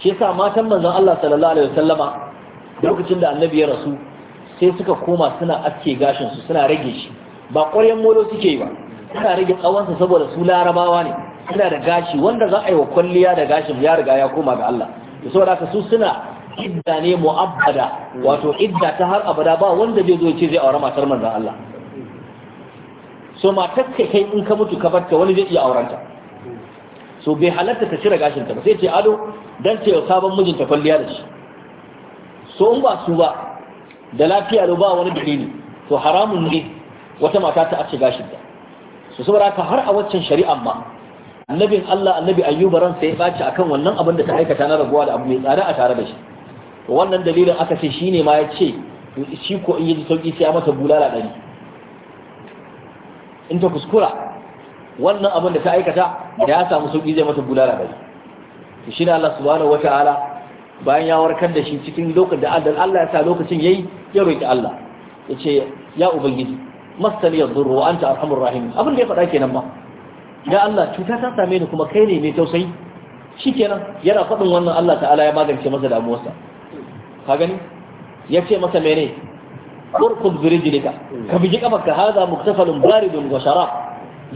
shi yasa matan manzon Allah sallallahu alaihi wasallama lokacin da annabi ya rasu sai suka koma suna aske gashin su suna rage shi ba ƙwaryen molo suke yi ba suna rage tsawon su saboda su larabawa ne suna da gashi wanda za a yi wa kwalliya da gashin ya riga ya koma ga Allah da saboda su suna idda ne mu'abbada wato idda ta har abada ba wanda zai zo ce zai aure matar manzon Allah so matar ka kai in ka mutu ka barta wani zai iya aurenta so bai halatta ta cire gashin ta ba sai ce ado dan ce sabon mijinta kwalliya da shi so in ba su ba da lafiya da ba wani dalili to haramun ne wata mata ta ace gashin ta saboda ka har a waccan shari'a ma annabin Allah annabi ayyuba ran sai ya baci akan wannan abin da ta aikata na raguwa da abu mai tsada a tare da shi wannan dalilin aka ce shine ma ya ce shi ko in yi sauki sai masa bulala ɗari in ta kuskura wannan abin da ta aikata da ya samu sauki zai mata bulala ɗari to shi Allah subhanahu bayan ya warkar da shi cikin lokacin da Allah ya sa lokacin yayi ya roki Allah ya ce ya ubangiji masali ya zurru anta arhamur rahim abin da ya faɗa kenan ma. ya Allah cuta ta same ni kuma kai ne mai tausayi shikenan yana faɗin wannan Allah ta'ala ya magance masa damuwarsa ka gani ya ce masa mene urkub birijlika ka biji kafarka hada muktafalun baridun wa sharab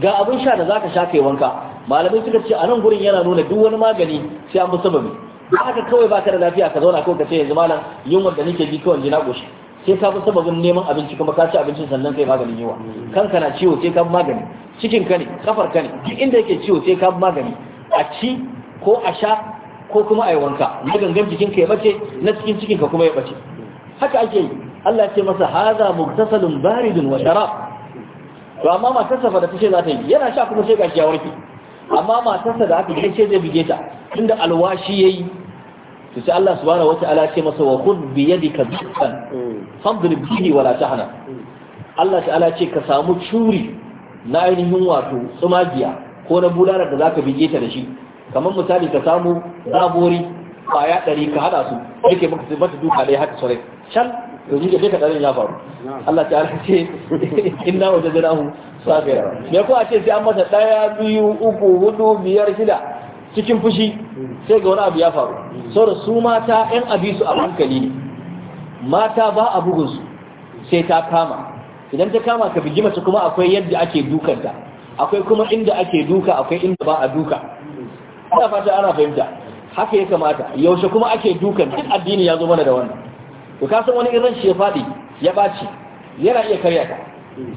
ga abin sha da zaka sha kai wanka malamai suka ce a nan gurin yana nuna duk wani magani sai an bi sababi haka kawai baka da lafiya ka zauna ko ka ce yanzu malam yunwar da nake ji kawai jina goshi sai ka sababin neman abinci kuma ka ci abincin sannan kai maganin yawa kanka na ciwo sai ka magani cikin ka ne kafar ka ne duk inda yake ciwo sai ka magani a ci ko a sha ko kuma a yi wanka na gangan jikinka ya bace na cikin cikinka kuma ya bace haka ake yi Allah ce masa haza muktasalun baridun wa sharab to amma matarsa fa da tace za ta yi yana sha kuma sai gashi ya warke amma matarsa da aka ce zai bige ta tunda alwashi yayi to sai Allah subhanahu wataala ce masa wa khudh bi yadika bitan fadrib bihi wala tahna Allah ta'ala ce ka samu curi na ainihin wato tsumagiya ko na bulalar da zaka bige ta da shi kamar misali ka samu zabori kwaya ɗari ka haɗa su yake maka su mata duka ɗaya haka sore. shan domin ka ka ɗarin ya faru Allah ta ala ce inna wajen zira hu sabira ya kuwa ce sai an masa ɗaya biyu uku hudu biyar shida cikin fushi sai ga wani abu ya faru sauran su mata yan abisu a hankali ne mata ba a bugunsu sai ta kama idan ta kama ka bigi mace kuma akwai yadda ake dukanta akwai kuma inda ake duka akwai inda ba a duka Ana fata ana fahimta haka ya kamata yaushe kuma ake dukan duk addini ya zo mana da wannan to ka san wani irin shi ya fadi ya ɓaci yana iya karya ka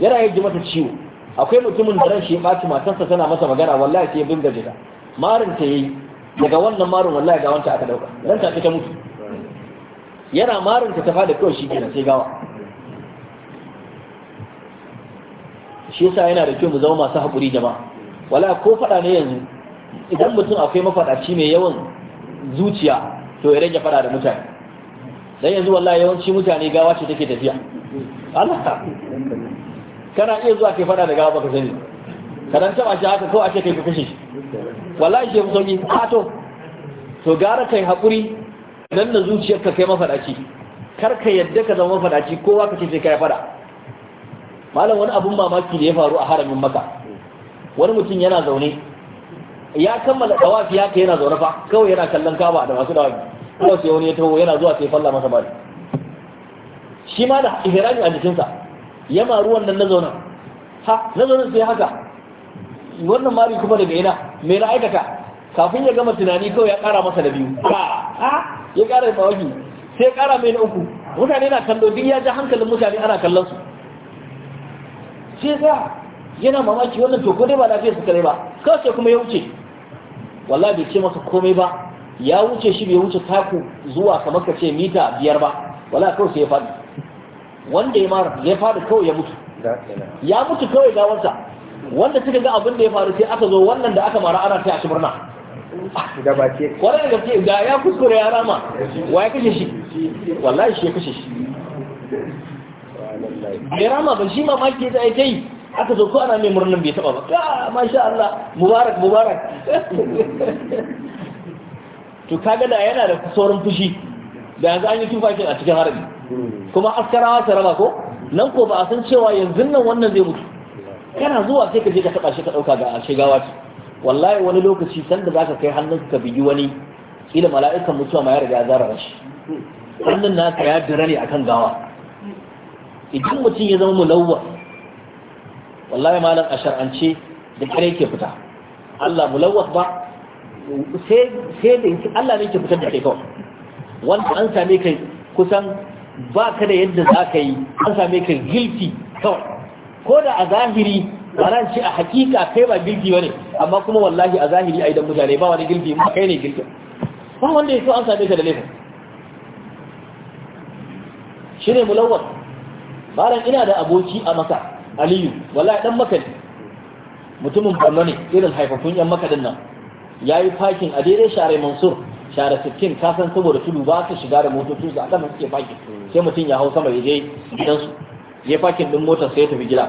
yana yaji mata ciwo akwai mutumin da ran shi ya ɓaci matarsa tana masa magana wallahi sai ya binga jika marin ta yayi daga wannan marin wallahi ga wanta aka dauka ran ta ta mutu yana marin ta ta fada kawai shi kenan sai gawa shi yasa yana da kyau mu zama masu haƙuri jama'a wala ko faɗa ne yanzu idan mutum akwai mafaɗaci mai yawan zuciya to ya rage fada da mutane dan yanzu wallahi yawanci mutane gawa ce take tafiya Allah kana iya zuwa kai fada da gawa baka sani ka taba shi haka ko a ce kai ka kashe shi wallahi shi sauki a to to gara kai hakuri dan da zuciyarka kai mafadaci kar ka yadda ka zama mafadaci kowa ka ce sai kai fada malam wani abun mamaki da ya faru a haramin maka wani mutum yana zaune ya kammala dawafi ya kai yana zaune fa kawai yana kallon kaba da masu dawafi kuma sai wani ya taho yana zuwa sai falla masa bari shi ma da ihrami a jikinsa ya maru wannan na zaune ha na zaune sai haka wannan mari kuma daga ina me na aikata kafin ya gama tunani kawai ya kara masa da biyu ha ya kara da mawaki sai ya kara mai na uku mutane na kallo duk ya ji hankalin mutane ana kallon su sai ga yana mamaki wannan to ko dai ba lafiyar su kare ba kawai sai kuma ya wuce wallahi bai ce masa komai ba ya wuce shi bai wuce taku zuwa kamar ka ce mita biyar ba wallahi kawai sai ya faɗi wanda ya mara ya faɗi kawai ya mutu ya mutu kawai gawarsa wanda suka ga abin da ya faru sai aka zo wannan da aka mara ana sai a shi murna kwarai da gaske ga ya kuskure ya rama wa ya kashe shi wallahi shi ya kashe shi bai rama ba shi mamaki da ya kai aka zo ko ana mai murnin bai taba ba ka masha Allah mubarak mubarak to kaga da yana da saurin fushi da yanzu an yi tufakin a cikin harbi kuma askarawa ta raba ko nan ko ba a san cewa yanzu nan wannan zai mutu kana zuwa sai ka je ka taba shi ka dauka ga shigawa wace. wallahi wani lokaci sanda zaka kai hannun ka bigi wani ila mala'ikan mutuwa ma ya riga ya zara shi. wannan naka ya dira ne akan gawa idan mutum ya zama mulawwa wallahi malam a shar'ance da kare ke fita Allah mulawwas ba sai da da Allah ne ke fitar da kai kawai wanda an same kai kusan ba ka da yadda za ka yi an same ka guilty kawai ko da a zahiri ran ce a hakika kai ba guilty bane amma kuma wallahi a zahiri a idan mutane ba wani guilty ba kai ne guilty ba wanda ya so an same ka da laifin shine mulawwat bayan ina da aboki a maka aliyu wallahi dan maka mutumin borno ne irin haifafun yan makadin nan ya yi fakin a daidai share mansur share sittin kasan saboda tudu ba su shiga da motocin su a kan suke fakin sai mutum ya hau sama ya je gidansu ya fakin din motar sai ya tafi gida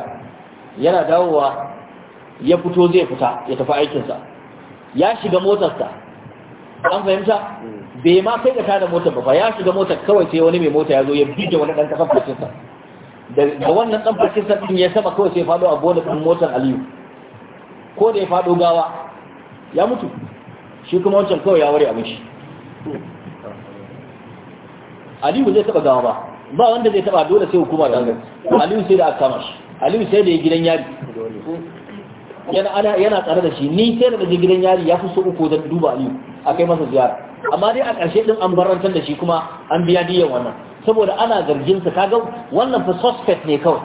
yana dawowa ya fito zai fita ya tafi aikinsa ya shiga motarsa an fahimta hmm. bai ma kai ka tada motar ba ya shiga motar kawai sai wani mai mota ya zo ya bige wani dan kasan fakinsa da wannan dan farkin din ya saba kawai sai faɗo a bola din motar Aliyu ko da ya faɗo gawa ya mutu shi kuma wancan kawai ya ware abin shi Aliyu zai taba gawa ba ba wanda zai taba dole sai hukuma da gani Aliyu sai da aka kama shi Aliyu sai da ya gidan yari yana tsara tsare da shi ni sai da gidan yari ya fi so uku zan duba Aliyu a kai masa ziyara amma dai a ƙarshe ɗin an barantar da shi kuma an biya diyan wannan saboda ana zargin sa kaga wannan fa suspect ne kawai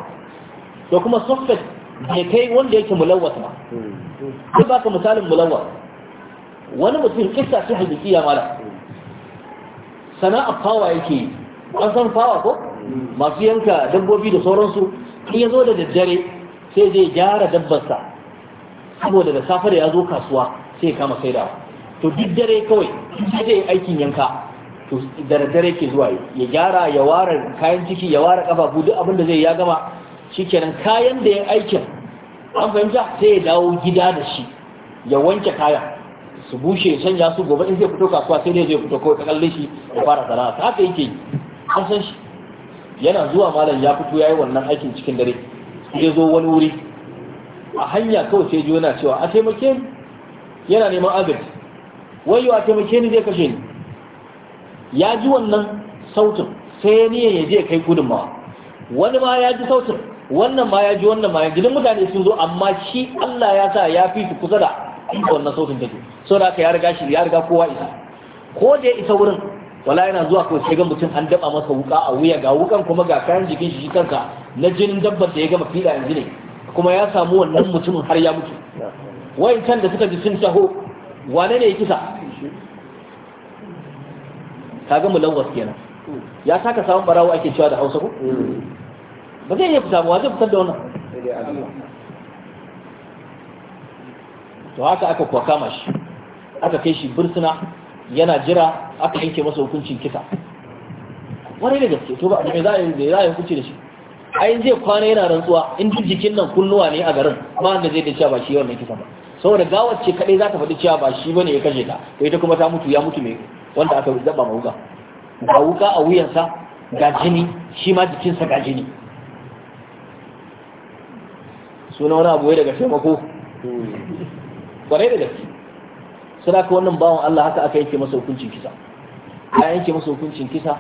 to kuma suspect bai kai wanda yake mulawwat ba sai baka misalin mulawwat wani mutum kissa ta hadiya mala sana'a fawa yake an san fawa ko masu yanka dabbobi da sauransu in ya zo da daddare sai zai gyara dabbarsa saboda da safar ya zo kasuwa sai ya kama saidawa to duk dare kawai sai zai aikin yanka to da ke zuwa ya gyara ya ware kayan ciki ya ware kafafu duk abin da zai ya gama shikenan kayan da ya aikin an fahimta sai ya dawo gida da shi ya wanke kaya su bushe sanya su gobe in zai fito kasuwa sai ne zai fito kawai kalli shi ya fara sana'a haka yake yi an san shi yana zuwa malam ya fito yayi wannan aikin cikin dare zai zo wani wuri a hanya kawai sai ji yana cewa a taimake ni yana neman agaji wai yau a taimake ni zai kashe ni ya ji wannan sautin sai niyan ya je kai gudunmawa wani ma ya ji sautin wannan ma ya ji wannan ma ya ji mutane sun zo amma shi Allah ya sa ya fi kusa da wannan sautin take so da aka ya riga shi ya riga kowa isa ko da ya isa wurin wala yana zuwa ko sai ga mutum an daba masa wuka a wuya ga wukan kuma ga kayan jikin shi kanka na jinin dabbar da ya gama fida yanzu ne kuma ya samu wannan mutumin har ya mutu wayancan da suka ji sun taho wane ne ya kisa kaga mulawwas kenan ya saka samun barawo ake cewa da Hausa ko ba zai iya fita ba zai fitar da wannan to haka aka kuwa kama shi aka kai shi bursuna yana jira aka yanke masa hukuncin kisa wani da gaske to ba me za a yi za a yi hukunci da shi ai zai kwana yana rantsuwa in ji jikin nan kunnuwa ne a garin ba da zai da cewa ba shi wannan kisa ba saboda gawar ce kadai za ta faɗi cewa ba shi bane ya kashe ta to ita kuma ta mutu ya mutu me wanda aka zaba ma wuka ga wuka a wuyansa ga jini shi ma jikinsa ga jini suna wani abu daga taimako kwarai da gaske suna ka wannan bawan Allah haka aka yanke masa hukuncin kisa ya yanke masa hukuncin kisa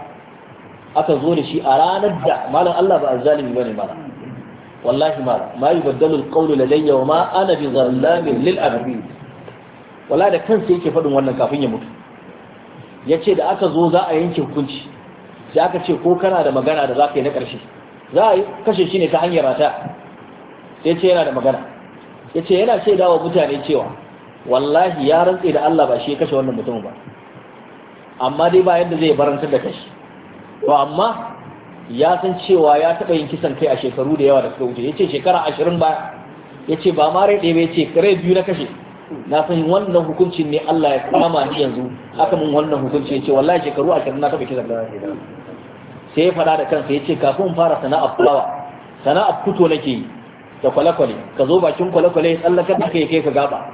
aka zo da shi a ranar da malam Allah ba azzalimi bane mala wallahi mala ma yubaddalu alqawlu ladayya wa ma ana bi zallamin lil abid wala da kansa yake faɗin wannan kafin ya mutu ya ce da aka zo za a yanke hukunci sai aka ce ko kana da magana da za ka yi na ƙarshe za a kashe shi ne ta hanyar rata sai ce yana da magana ya ce yana ce wa mutane cewa wallahi ya rantse da Allah ba shi ya kashe wannan mutumin ba amma dai ba yadda zai barantar da kashi to amma ya san cewa ya taɓa yin kisan kai a shekaru da yawa da suka wuce ya ce shekara ashirin ba ya ce ba ma rai ɗaya ba ya ce rai biyu na kashe na fahim wannan hukuncin ne Allah ya kama ni yanzu aka mun wannan hukunci ya ce wallahi shekaru a na taɓa kisa da sai ya faɗa da kansa ya ce kafin fara sana'ar fulawa sana'ar kuto nake yi da kwale-kwale ka zo bakin kwale-kwale tsallakar da kai kai ka gaba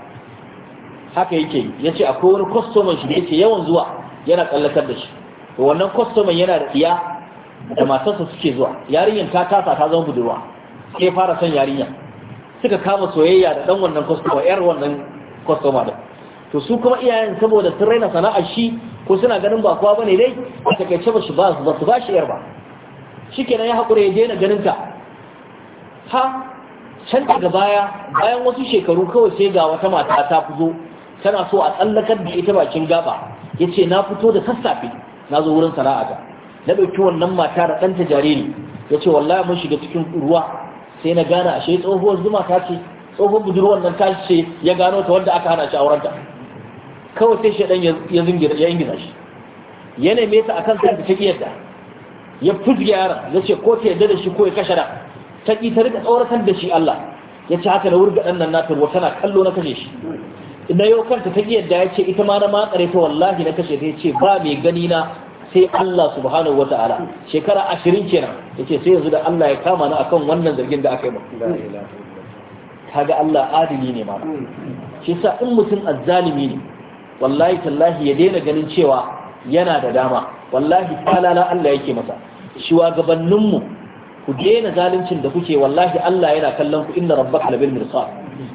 haka yake ya ce akwai wani kwastoman shi da yake yawan zuwa yana tsallakar da shi to wannan kwastoman yana da iya da matarsa suke zuwa yarinyar ta tasa ta zama budurwa sai fara son yarinya suka kama soyayya da dan wannan kwastoma yar wannan kwastoma da to su kuma iyayen saboda sun raina sana'ar shi ko suna ganin ba kowa bane dai a takaice ba su ba su ba shi yar ba kenan ya haƙura ya daina ganin ta ha can daga baya bayan wasu shekaru kawai sai ga wata mata ta fito tana so a tsallakar da ita bakin gaba ya ce na fito da sassafe na zo wurin sana'a sana'ata na ɗauki wannan mata da ɗanta jariri ya ce wallahi mun shiga cikin ruwa sai na gane ashe tsohuwar zuma ta ce tsohon budurwar nan ta ce ya gano ta wanda aka hana shi aurenta kawai sai shaidan ya zingira ya ingina shi ya neme ta akan kanta ta ƙi yadda ya fuzge yara, ya ce ko ta yadda da shi ko ya kashe da ta ki ta rika tsoratar da shi Allah ya ce haka na wurga ɗan nan nata ruwa tana kallo na kashe shi na yau kanta ta ƙi yadda ya ce ita ma na matsare ta wallahi na kashe ta ya ce ba mai gani na sai Allah subhanahu wa ta'ala shekara ashirin kenan ya ce sai yanzu da Allah ya kama ni akan wannan zargin da aka yi ba kaga Allah adili ne ma shi sa in mutum azzalimi ne wallahi tallahi ya daina ganin cewa yana da dama wallahi falala Allah yake masa mu ku daina zaluncin da kuke wallahi Allah yana kallon ku inna rabbaka labil mirsad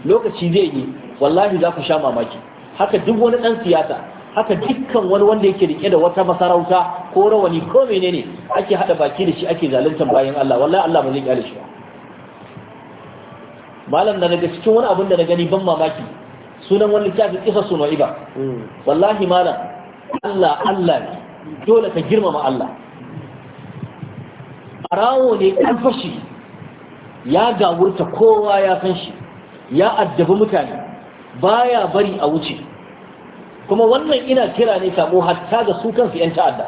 lokaci zai yi wallahi za ku sha mamaki haka duk wani dan siyasa haka dukkan wani wanda yake rike da wata masarauta ko rawani ko menene ake hada baki da shi ake zaluntar bayan Allah wallahi Allah ba zai kyale shi ba malam na daga cikin wani abin da na gani ban mamaki sunan wani littafi kisa suna ba wallahi malam Allah Allah ne dole ka girmama Allah arawo ne fashi ya gawurta kowa ya san shi ya addabi mutane baya bari a wuce kuma wannan ina kira ne sabo hatta ga su kansu yan ta'adda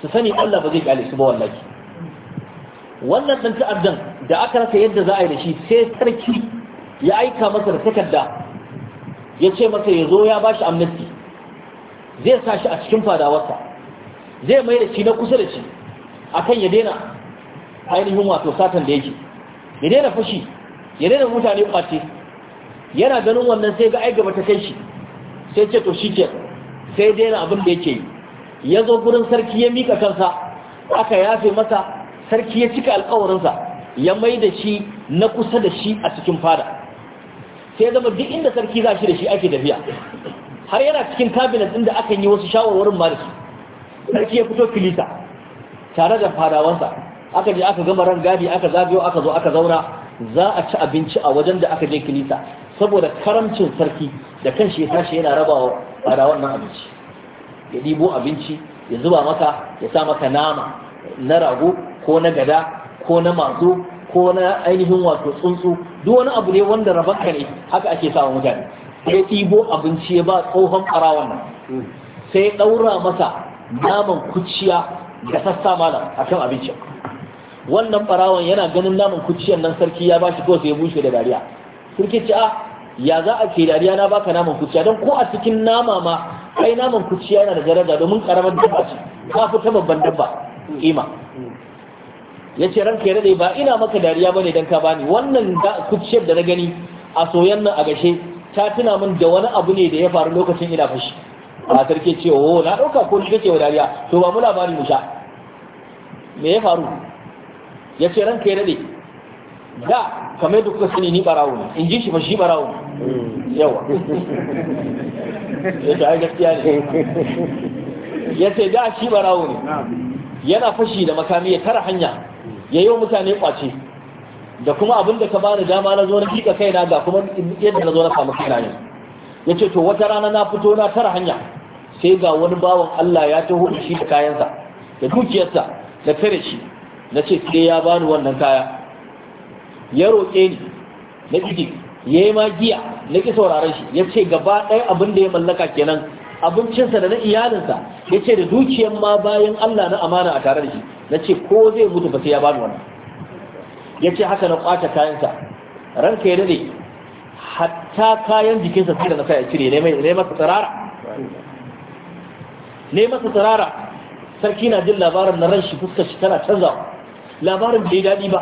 su sani Allah ba zai kyale su ba wallahi wannan ɗan ta'addan da aka rasa yadda za a yi da shi sai sarki ya aika masa da takarda ya ce masa ya zo ya ba shi amnesty zai sa shi a cikin fadawarsa zai mai da shi na kusa da shi kan ya daina ainihin wato satan da yake ya daina fashi ya daina mutane ɓace yana ganin wannan sai ga ai gaba ta kai shi sai ce to shi ke sai daina abin da yake yi ya zo gurin sarki ya mika kansa aka yafe masa sarki ya cika alkawarinsa ya mai da shi na kusa da shi a cikin fada sai zama duk inda sarki za shi da shi ake tafiya har yana cikin kabinet inda aka yi wasu shawarwarin ma da su sarki ya fito filita tare da fadawansa aka je aka gama ran gadi aka zagayo aka zo aka zauna za a ci abinci a wajen da aka je kilisa saboda karamcin sarki da kanshi ya tashi yana rabawa fadawan nan abinci ya ɗibo abinci ya zuba maka ya sa maka nama na rago ko na gada ko na masu ko na ainihin wato tsuntsu duk wani abu ne wanda rabarka ne haka ake sa mutane sai ɗibo abinci ya ba tsohon ɓarawon nan sai ɗaura masa naman kuciya da sassa mana a kan abinci wannan ɓarawon yana ganin naman kuciyan nan sarki ya ba shi ko sai ya bushe da dariya sarki ce a ya za a ke dariya na baka naman kuciya don ko a cikin nama ma ai naman kuciya yana da daraja domin karamar dabba ce ta fi ta babban dabba kima ya ce ranka ya daɗe ba ina maka dariya ba ne don ka bani wannan kuciyar da na gani a soyan nan a gashe ta tuna min da wani abu ne da ya faru lokacin ina fashi a tarke ce o oh, na ɗauka ko ni kake wa dariya to ba mu labari mu sha me ya faru ya ce ranka ya daɗe da kamar da kuka sani ni barawo ne in ji shi ba shi barawo ne yawa ya ce ai gaskiya ne ya ce da shi barawo ne yana fashi da makami ya tara hanya ya yi wa mutane kwace da kuma abin da ka bani dama na zo na fika kaina ga kuma yadda na zo na samu kaina ya ce to wata rana na fito na tara hanya sai ga wani bawan Allah ya taho da shi da kayansa da dukiyarsa da tare shi na ce sai ya bani wannan kaya ya roƙe ni na ƙiƙi ya yi ma giya na ƙi sauraron shi ya ce gaba ɗaya abin da ya mallaka kenan abincinsa da na iyalinsa ya ce da dukiyar ma bayan Allah na amana a tare da shi na ce ko zai mutu ba sai ya bani wannan ya ce haka na kwace kayansa ranka ya dade hatta kayan jikinsa sai da na kai a cire ne masa tsirara ne masa tsirara sarki na jin labarin na ran shi fuskar shi tana canza labarin bai daɗi ba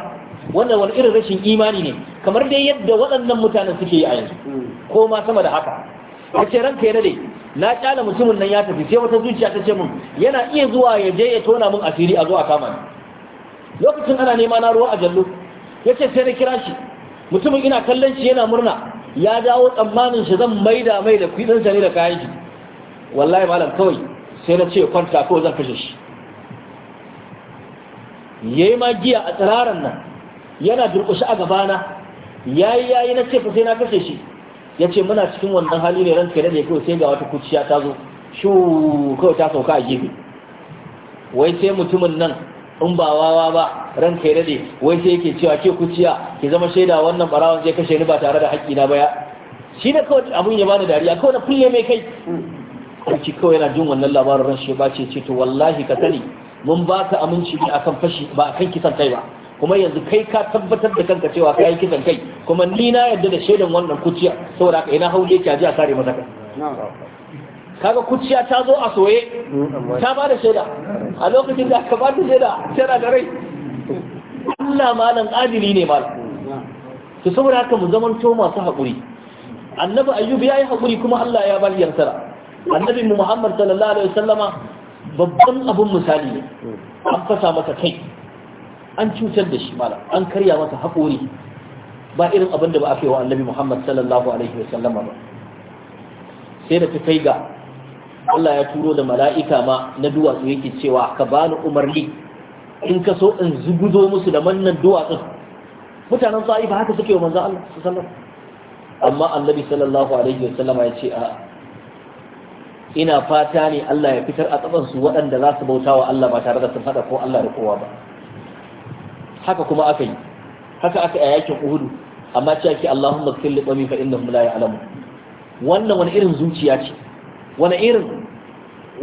wannan wani irin rashin imani ne kamar dai yadda waɗannan mutanen suke yi a yanzu ko ma sama da haka ya ce ranka ya dade na kyala mutumin nan ya tafi sai wata zuciya ta ce min yana iya zuwa ya je ya tona min asiri a zuwa kama ni lokacin ana nema na ruwa a jallo ya ce sai na kira shi mutumin ina kallon shi yana murna ya dawo tsammanin shi zan maida mai da kudin ne da kayan shi wallahi malam kawai sai na ce kwanta kawai zan kashe shi ya yi magiya a tsiraran nan yana durƙushi a gabana ya yi yayi na ce fa sai na kashe shi ya ce muna cikin wannan hali ne ran kare ne kawai sai ga wata kuciya ta zo shu kawai ta sauka a gefe wai sai mutumin nan in ba wawa ba ran kai dade wai sai yake cewa ke kuciya ki zama shaida wannan barawon zai kashe ni ba tare da haƙƙi na baya shi ne kawai abun ya bani dariya kawai na kulle mai kai ki kawai yana jin wannan labarin ran shi ba ce ce to wallahi ka sani mun baka aminci ne akan fashi ba akan kisan kai ba kuma yanzu kai ka tabbatar da kanka cewa ka yi kisan kai kuma ni na yarda da shaidan wannan kuciya saboda haka ina hauje ki a sare masa kai kaga kuciya ta zo a soye ta ba da shaida a lokacin da aka ba da shaida tana da rai Allah malam adili ne malam to saboda haka mu zamanto masu haƙuri annabi ayyub ya yi haƙuri kuma Allah ya bari yarsara annabi Muhammad sallallahu alaihi wasallama babban abun misali an fasa masa kai an cutar da shi malam an karya masa haƙori ba irin abin da ba a wa annabi Muhammad sallallahu alaihi wa sallama ba sai da ta kai ga Allah ya turo da mala'ika ma na duwatsu yake cewa ka bani umarni in ka so in zuguzo musu da mannan duwatsun mutanen sa'i ba haka suke wa manzo Allah sallallahu amma annabi sallallahu alaihi wa sallama ya ce a ina fata ne Allah ya fitar a tsabansu waɗanda za su bauta wa Allah ba tare da sun haɗa ko Allah da kowa ba haka kuma aka yi haka aka a yakin uhudu amma ce ke Allahumma kfir li qawmi inda innahum la ya'lamun wannan wani irin zuciya ce wani irin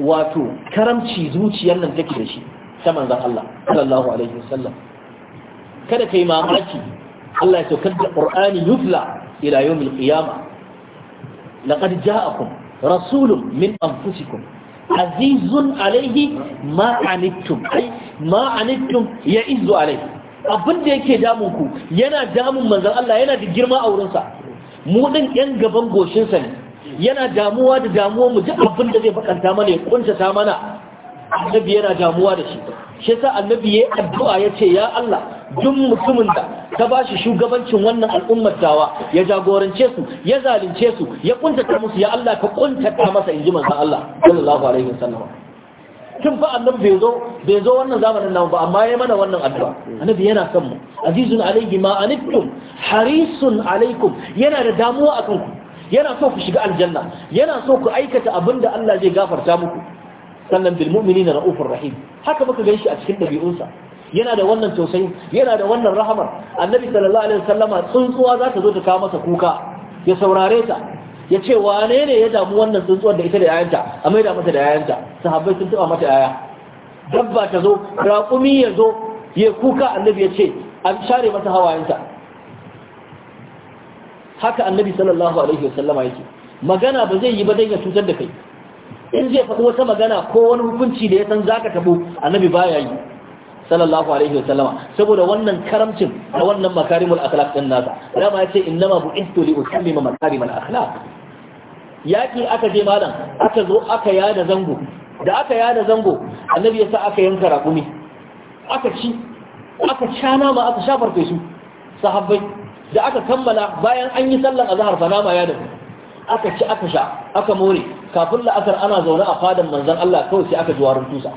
wato karamci zuciyar nan take da shi ta manzon Allah sallallahu alaihi wasallam kada kai mamaki Allah ya saukar da Qur'ani yufla ila yawmil qiyamah laqad ja'akum rasulun min anfusikum azizun alaihi ma anittum ay ma anittum alaihi abin da yake damun ku yana damun manzan Allah yana da girma a wurinsa mu din yan gaban goshinsa ne yana damuwa da damuwa mu ji abin da zai bakanta mana ya kuntata mana annabi yana damuwa da shi shi sa annabi ya addu'a ce ya Allah duk mutumin da ba shi shugabancin wannan al'ummar tawa ya jagorance su ya zalunce su ya kuntata musu ya Allah ka kuntata masa inji manzan Allah sallallahu alaihi wasallam tun fa annabi bai zo bai zo wannan zamanin nan ba amma ya mana wannan addu'a annabi yana kan mu azizun alayhi ma anittum harisun alaikum yana da damuwa akan ku yana so ku shiga aljanna yana so ku aikata abinda Allah zai gafarta muku sannan bil mu'minina raufur rahim haka muka ganshi a cikin dabi'unsa yana da wannan tausayin yana da wannan rahamar annabi sallallahu alaihi wasallama tsuntsuwa za ta zo ta kawo masa kuka ya saurare ta ya ce wane ne ya damu wannan tsuntsuwar da ita da yayanta a mai da mata da yayanta sahabbai sun taba mata yaya dabba ta zo raƙumi ya zo ya kuka annabi ya ce an share masa hawayenta haka annabi sallallahu alaihi wasallama yake magana ba zai yi ba dan ya cutar da kai in zai faɗi wata magana ko wani hukunci da ya san zaka tabo annabi baya yi sallallahu alaihi wasallama saboda wannan karamcin da wannan makarimul akhlaq din nasa dama yace innama bu'istu li ukallima makarimul akhlaq yaƙi aka je malam aka zo aka yada zango da aka yada zango annabi ya sa aka yanka raƙumi aka ci aka sha nama aka sha su sahabbai da aka kammala bayan an yi sallan azhar fa nama ya dafu aka ci aka sha aka more kafin la'asar ana zaune a fadan manzon Allah kawai sai aka ji warin tusa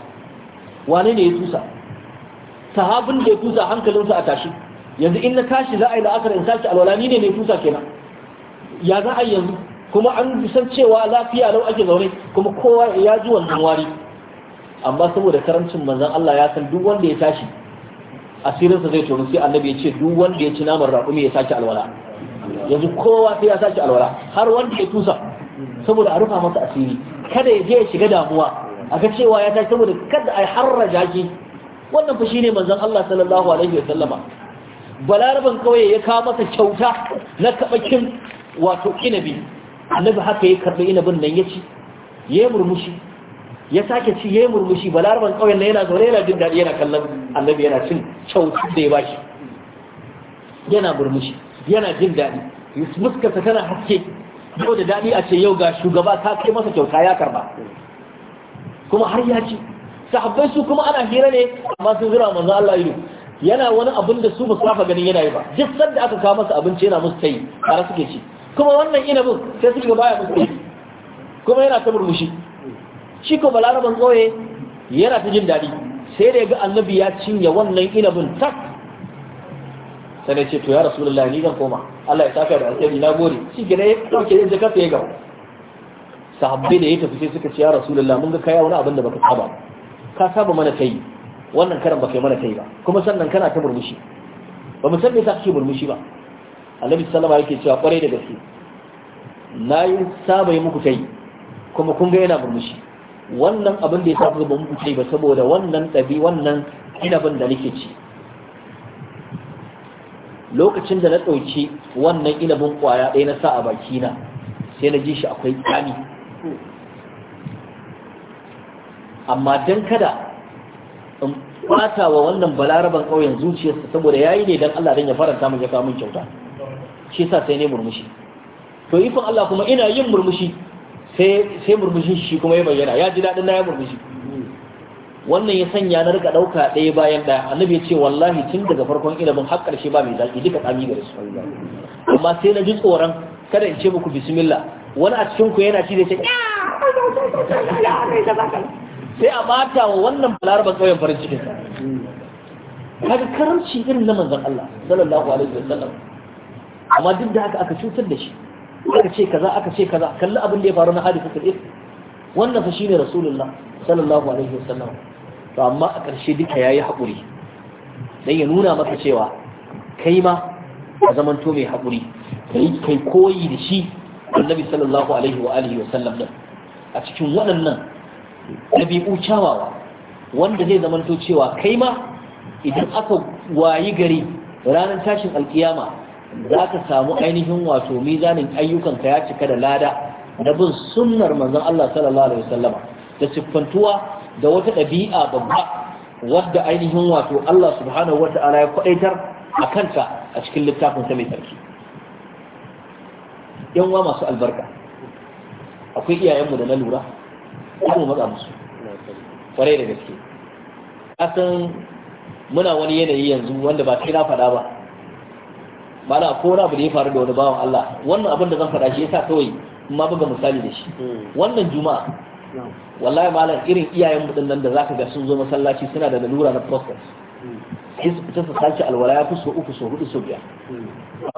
wane ne ya tusa sahabin da ya tusa su a tashi yanzu in na kashi za a yi la'asar in tashi alwala ni ne mai tusa kenan ya za a yi yanzu kuma an san cewa lafiya lau ake zaune kuma kowa ya ji wannan wari amma saboda karancin manzon Allah ya san duk wanda ya tashi asirinsa zai tono sai annabi ya ce duk wanda ya ci naman raƙumi ya sake alwala yanzu kowa sai ya sake alwala har wanda ya tusa saboda a rufa masa asiri kada ya je ya shiga damuwa a ga cewa ya tashi saboda kada a harraja shi wannan fa shine manzon Allah sallallahu alaihi wa sallama balaraban kauye ya kawo masa kyauta na kabakin wato inabi annabi haka ya karɓi inabin nan ya ci ya murmushi ya sake ci ya murmushi balaraban ƙauyen na yana zaune yana jin daɗi yana kallon annabi yana cin kyautu da ya bashi yana murmushi yana jin daɗi fuskarsa tana haske yau da daɗi a ce yau ga shugaba ta kai masa kyauta ya karba kuma har ya ci sahabbai su kuma ana hira ne amma sun zura manzo Allah yi yana wani abin da su ba su ganin yana yi ba duk sanda aka kawo masa abinci yana musu tayi tare suke ci kuma wannan inabin sai su ga baya musu kuma yana ta murmushi shi ko balaraban tsoye yana ta jin daɗi sai da ya ga annabi ya cinye wannan inabin tak sai ce to ya rasulullahi ni zan koma Allah ya saka da alheri na gode shi gina ya dauke da zakat ya gaba sahabbai da ya tafi sai suka ce ya rasulullahi mun ga kaya wani abin da baka saba ka saba mana kai wannan karan baka yi mana kai ba kuma sannan kana ta murmushi ba mu san me yasa kake murmushi ba annabi sallama yake cewa kwarai da gaske na yi saba yi muku tai kuma kun ga yana murmushi wannan abin da ya sa ba muku kai ba saboda wannan ɗabi wannan bin da nake ci lokacin da na ɗauki wannan inabin kwaya ɗaya na sa a bakina sai na ji shi akwai tsami amma don kada in ɓata wa wannan balaraban ƙauyen zuciyarsa saboda ya yi ne don Allah dan ya faranta mu ya kawo min kyauta shi sa sai ne murmushi to ikon Allah kuma ina yin murmushi sai murmushin shi kuma ya bayyana ya ji daɗin na ya murmushi wannan ya sanya na rika ɗauka ɗaya bayan ɗaya annabi ya ce wallahi tun daga farkon ilimin har ƙarshe ba mai zaki. duka tsami ga su amma sai na ji tsoron kada in ce muku bismillah wani a cikin ku yana ci da ce sai a bata wa wannan balaraba ƙauyen farin cikin kaga karamci irin na manzan Allah sallallahu alaihi wasallam amma duk da haka aka cutar da shi aka ce kaza aka ce kaza kalli abin da ya faru na hadisatul ifk wannan fa shine rasulullah sallallahu alaihi wasallam to amma a ƙarshe duka yayi haƙuri dan ya nuna maka cewa kai ma ka zamanto mai haƙuri kai kai koyi da shi annabi sallallahu alaihi wa alihi wasallam din a cikin waɗannan ɗabi'u kyawawa wanda zai zamanto cewa kai ma idan aka wayi gari ranar tashin alkiyama za ka samu ainihin wato mizanin ayyukanka ya cika da lada da bin sunnar manzon Allah sallallahu alaihi wasallama da siffantuwa da wata ɗabi'a babba wadda ainihin wato Allah subhanahu wata'ala ya kwadaitar a kanta a cikin littafin sa mai tsarki yan wa masu albarka akwai iyayenmu da na lura ko matsa musu kwarai da gaske asan muna wani yanayi yanzu wanda ba sai na faɗa ba na ko na abu da ya faru da wani bawan Allah wannan abin da zan faɗa shi yasa kawai ma buga misali da shi hmm. wannan juma'a wallahi malam irin iyayen mu nan da zaka ga sun zo masallaci suna da lalura na prostate hmm. his su sace alwala ya fi so uku so hudu so biyar a hmm.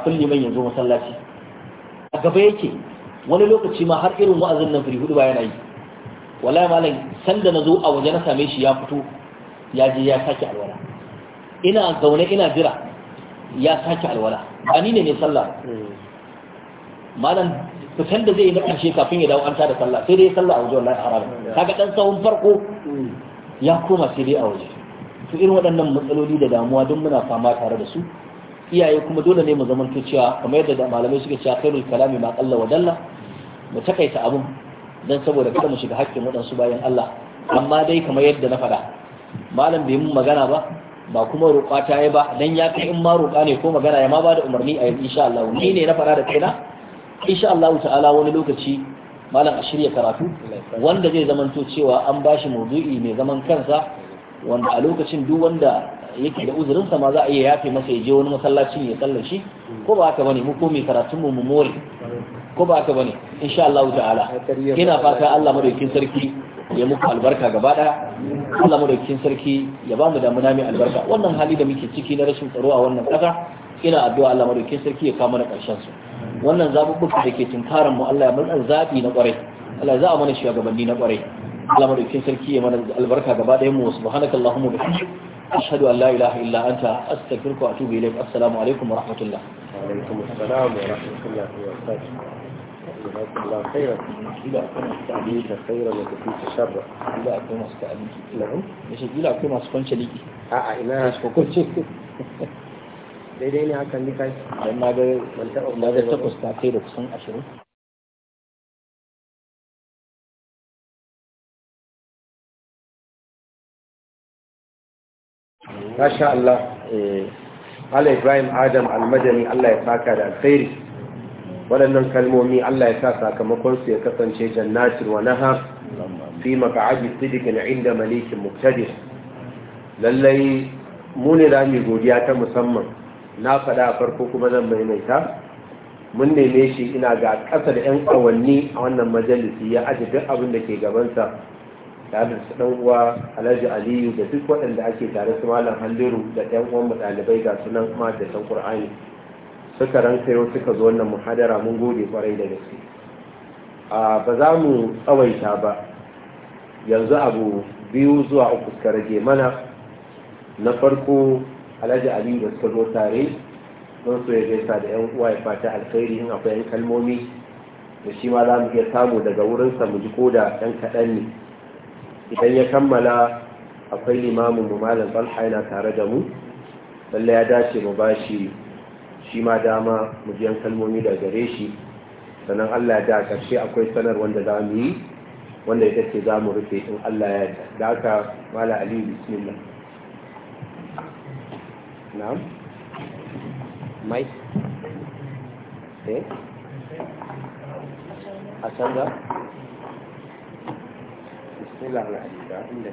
kulli man yanzu masallaci a gaba yake wani lokaci ma har irin wa'azin nan firi hudu ba yana yi wallahi malam sanda na zo a waje na same shi ya fito ya je ya sake alwala ina zaune ina jira ya sake alwala ba ni ne ne sallah hmm. malam fitan da zai yi na ƙarshe kafin ya dawo an da sallah sai dai sallah a waje wallahi Ta hmm. kaga dan tsawon farko hmm. ya koma sai dai a waje to irin waɗannan matsaloli da damuwa duk muna fama tare da su iyaye kuma dole ne mu zamanto cewa kamar yadda malamai suka cewa khairul kalami ma qalla wa dalla mu takaita abun dan saboda kada mu shiga hakkin waɗansu bayan Allah amma dai kamar yadda na faɗa malam bai mun magana ba ba kuma roƙa ta yi ba dan ya kai in ma roƙa ne ko magana ya ma ba da umarni a yanzu. insha Allah ni ne na fara da kaina insha Allah ta'ala wani lokaci malam a shirya karatu wanda zai zamanto cewa an bashi maudu'i mai zaman kansa wanda a lokacin duk wanda yake da uzurinsa ma za a iya yafe masa ya je wani masallacin ya sallar shi ko ba haka bane mu ko mai karatun mu more ko ba haka bane insha Allah ta'ala ina fata Allah madaukin sarki ya muku albarka gaba daya Allah mu cikin sarki ya ba mu damuna mai albarka wannan hali da muke ciki na rashin tsaro a wannan kasa ina addu'a Allah mu cikin sarki ya kama na ƙarshen su wannan zabubbuka da ke tunkaran mu Allah ya mun zabi na ƙwarai Allah ya za mana shugabanni na ƙwarai Allah mu cikin sarki ya mana albarka gaba ɗayan mu subhanakallahumma bihamdik ashhadu an la ilaha illa anta astaghfiruka wa atubu ilaik assalamu alaikum wa rahmatullah wa alaikum assalam wa wa barakatuh جزاك الله خيرا إذا خيرا شرا مش daidai ne hakan ni kai dan na ga na ga kai da kusan ashirin Masha Allah, Ala Ibrahim Adam Almadani Allah ya saka da alkhairi. waɗannan kalmomi Allah ya sa sakamakon su ya kasance jannatin wa naha fi maq'adi sidiqin inda malikin muktadir lallai mu ne da godiya ta musamman na faɗa a farko kuma zan maimaita mun neme shi ina ga ƙasa da 'yan awanni a wannan majalisi ya aji duk abin da ke gabansa tare da ɗan uwa alhaji aliyu da duk waɗanda ake tare su malam halliru da ɗan uwan ɗalibai ga sunan kuma da san ƙur'ani suka rankayo suka zo wannan muhadara mun gode kwarai da gaske ba za mu tsawaita ba yanzu abu biyu zuwa uku suka rage mana na farko alhaji aliyu da suka zo tare don so gaisa da yan uwa ya fata alkhairi in akwai yan kalmomi da shi ma za mu iya samu daga wurinsa mu ji ko da yan kaɗan ne idan ya kammala akwai limamin mu malam talha yana tare da mu lalle ya dace mu ba shi shi ma dama mu biyan kalmomi da gare shi sannan Allah da karshe akwai sanar wanda za mu yi wanda ya ce za mu rufe in Allah ya yarda da haka mala ali bismillah na'am mai eh a canza bismillah al-hadida ne.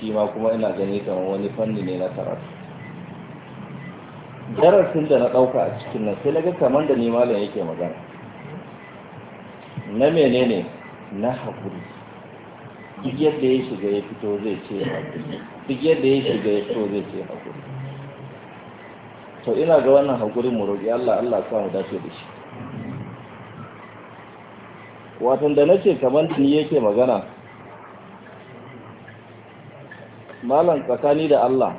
shi ma kuma ina gani kamar wani fanni ne na karatu darasin da na ɗauka a cikin nan sai naga kamar da ni malam yake magana na menene na haƙuri duk yadda ya shiga ya fito zai ce haƙuri duk yadda ya shiga ya fito zai ce haƙuri to ina ga wannan haƙuri mu roƙi Allah Allah sa mu dace da shi watan da nace kamar tuni ni yake magana malam tsakani da Allah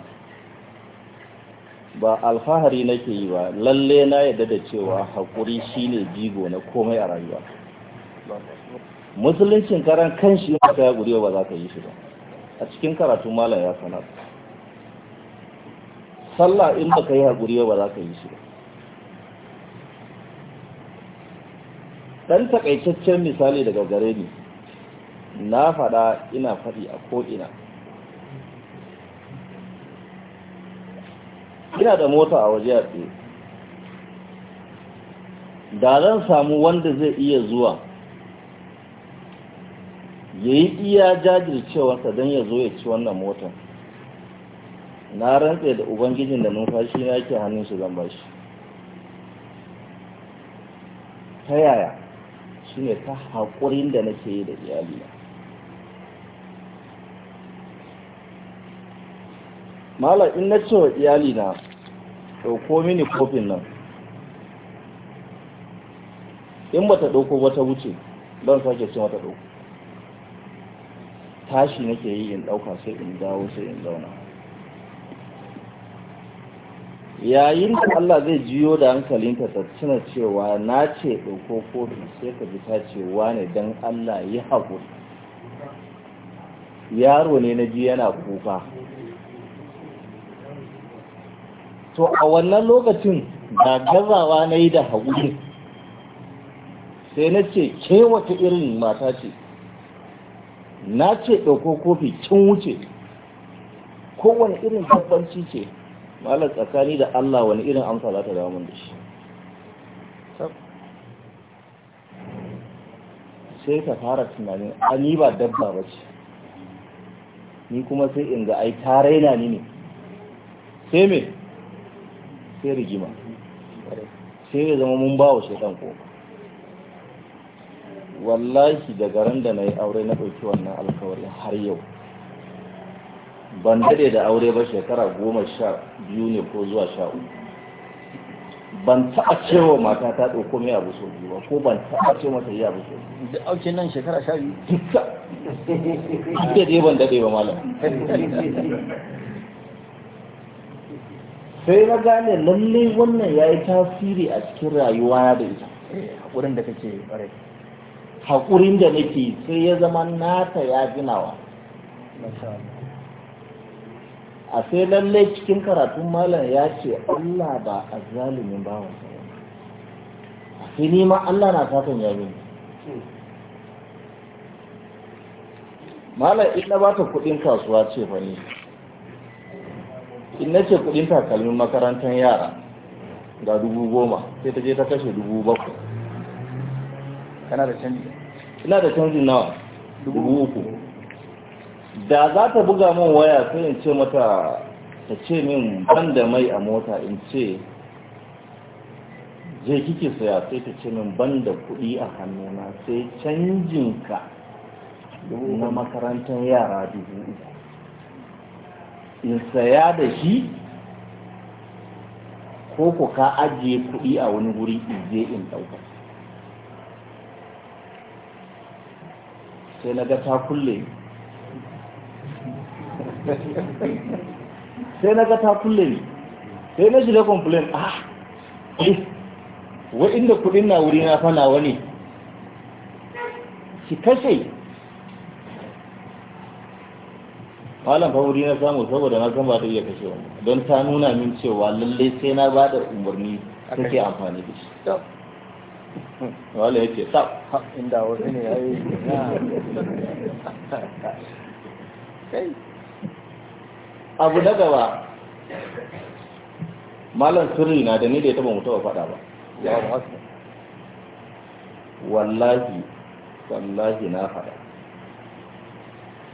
ba alfahari nake yi ba lalle na yadda da cewa haƙuri shine jigo na komai a rayuwa musuluncin karan kanshi ya ka yaƙuri ba za ka yi shi ba a cikin karatu malam ya sanar sallah in ba ka yi haƙuri ba za ka yi shi ba ɗan takaitaccen misali daga gare ni na faɗa ina faɗi a ko'ina ina da mota a waje a tsaye da zan samu wanda zai iya zuwa ya yi iya jajircewarsa don ya zo ya ci wannan motar na rantse da ubangijin da numfashi na yake hannun shi zan bashi ta yaya shi ne ta haƙurin da nake yi da iyalina mala in na ce wa iyalina ɗauko mini kofin nan in bata ɗauko ta wuce don sake cin wata ɗauko tashi nake yi in ɗauka sai in dawo sai in zauna yayin da Allah zai jiyo da hankalinta ta tuna cewa na ce ɗauko kofin sai ka ji cewa ne don Allah yi haƙuri yaro ne na ji yana kuka to a wannan lokacin da gazawa na yi da haguri sai na ce ke wata irin mata ce na ce ɗauko kofi kin wuce kowane irin tabbanci ce malar tsakani da Allah wani irin amsa za ta damun da shi sai ka fara tunanin ani ba dabba ba ce ni kuma sai in ai tare na ni ne sai me sai rigima sai ya zama mun ba wa shaitan koma wallahi daga ran da na yi aure na ɗauki wannan alkawari har yau ban daɗe da aure ba shekara goma sha biyu ne ko zuwa sha uku ban taɓa cewa mata ta ɗauko mai abu sau biyu ba ko ban ta'a ce mata yi abu sau biyu da auke nan shekara sha biyu duka duk da dai ban daɗe ba malam sai na gane lalle wannan ya yi tasiri a cikin rayuwa da ita eh, haƙurin da kake bare hakurin da nake sai ya zama nata ya ginawa a sai lalle cikin karatun malam ya ce allah ba a zalimin bawan sa a sai nima allah na satan ya gini malam ina ba ta kuɗin kasuwa ce fa ne in na ce kudin takalmin makarantar yara ga dubu goma sai ta je ta kashe dubu bakwai kana da canji ina da canji nawa dubu uku da za ta buga min waya sai in ce mata ta ce min ban da mai a mota in ce je kike saya sai ta ce min ban da kuɗi a hannuna sai canjinka na makarantar yara dubu uku in saya da shi ko ku ka ajiye kuɗi a wani guri in je in ɗauka sai na ga ta kulle sai na ga ta kulle ni sai na shiga complain ah eh, wa inda kuɗin na wuri na fana wani ki kashe malam famuri na samu saboda na san ba ta iya kashewa don ta nuna min cewa lalle sai na ba da umarni ke amfani da shi wala yake sa inda wasu ne ya yi abu na gaba malam sirri na da ni da ya taba mutuwa faɗa ba wallahi wallahi na faɗa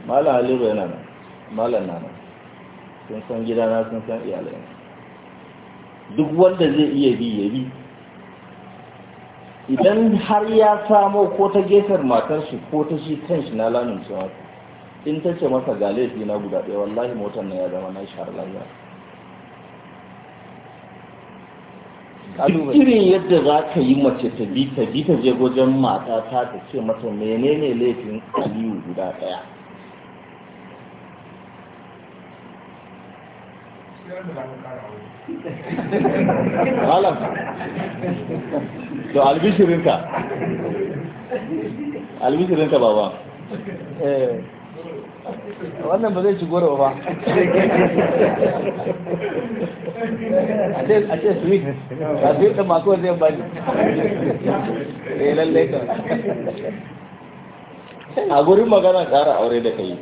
malam halibu yana nan malam nan, sun san gidana sun san iyalai duk wanda zai iya bi ya bi idan har ya samo ko ta gefen matar ko ta shi kan na lamin cewa in ta ce masa ga na guda ɗaya wallahi motar na ya zama na shi har irin yadda za ka yi mace ta bi ta bi ta je wajen mata ta ta ce mata menene laifin aliyu guda ɗaya to albishirinka albishirinka eh, wannan ba zai ci goro ba a ce sweet ba yi ta masu wanzu yan bani eh lallai ka a gurin magana kara aure da ka yi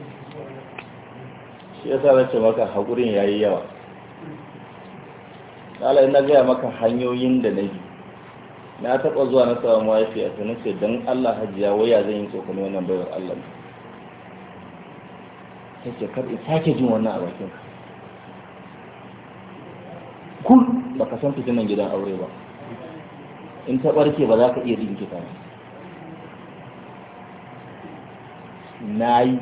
shi ya sa zance maka haƙurin ya yi yawa kala ina gaya maka hanyoyin da na bi na taɓa zuwa na samu mahaifiya ta ce don allah hajiya waya zan yi tsokoni wannan bayar allah ta ce kar in sake jin wannan a bakin ba ka san fitinan gidan aure ba in ta ɓarke ba za ka iya jin kita na yi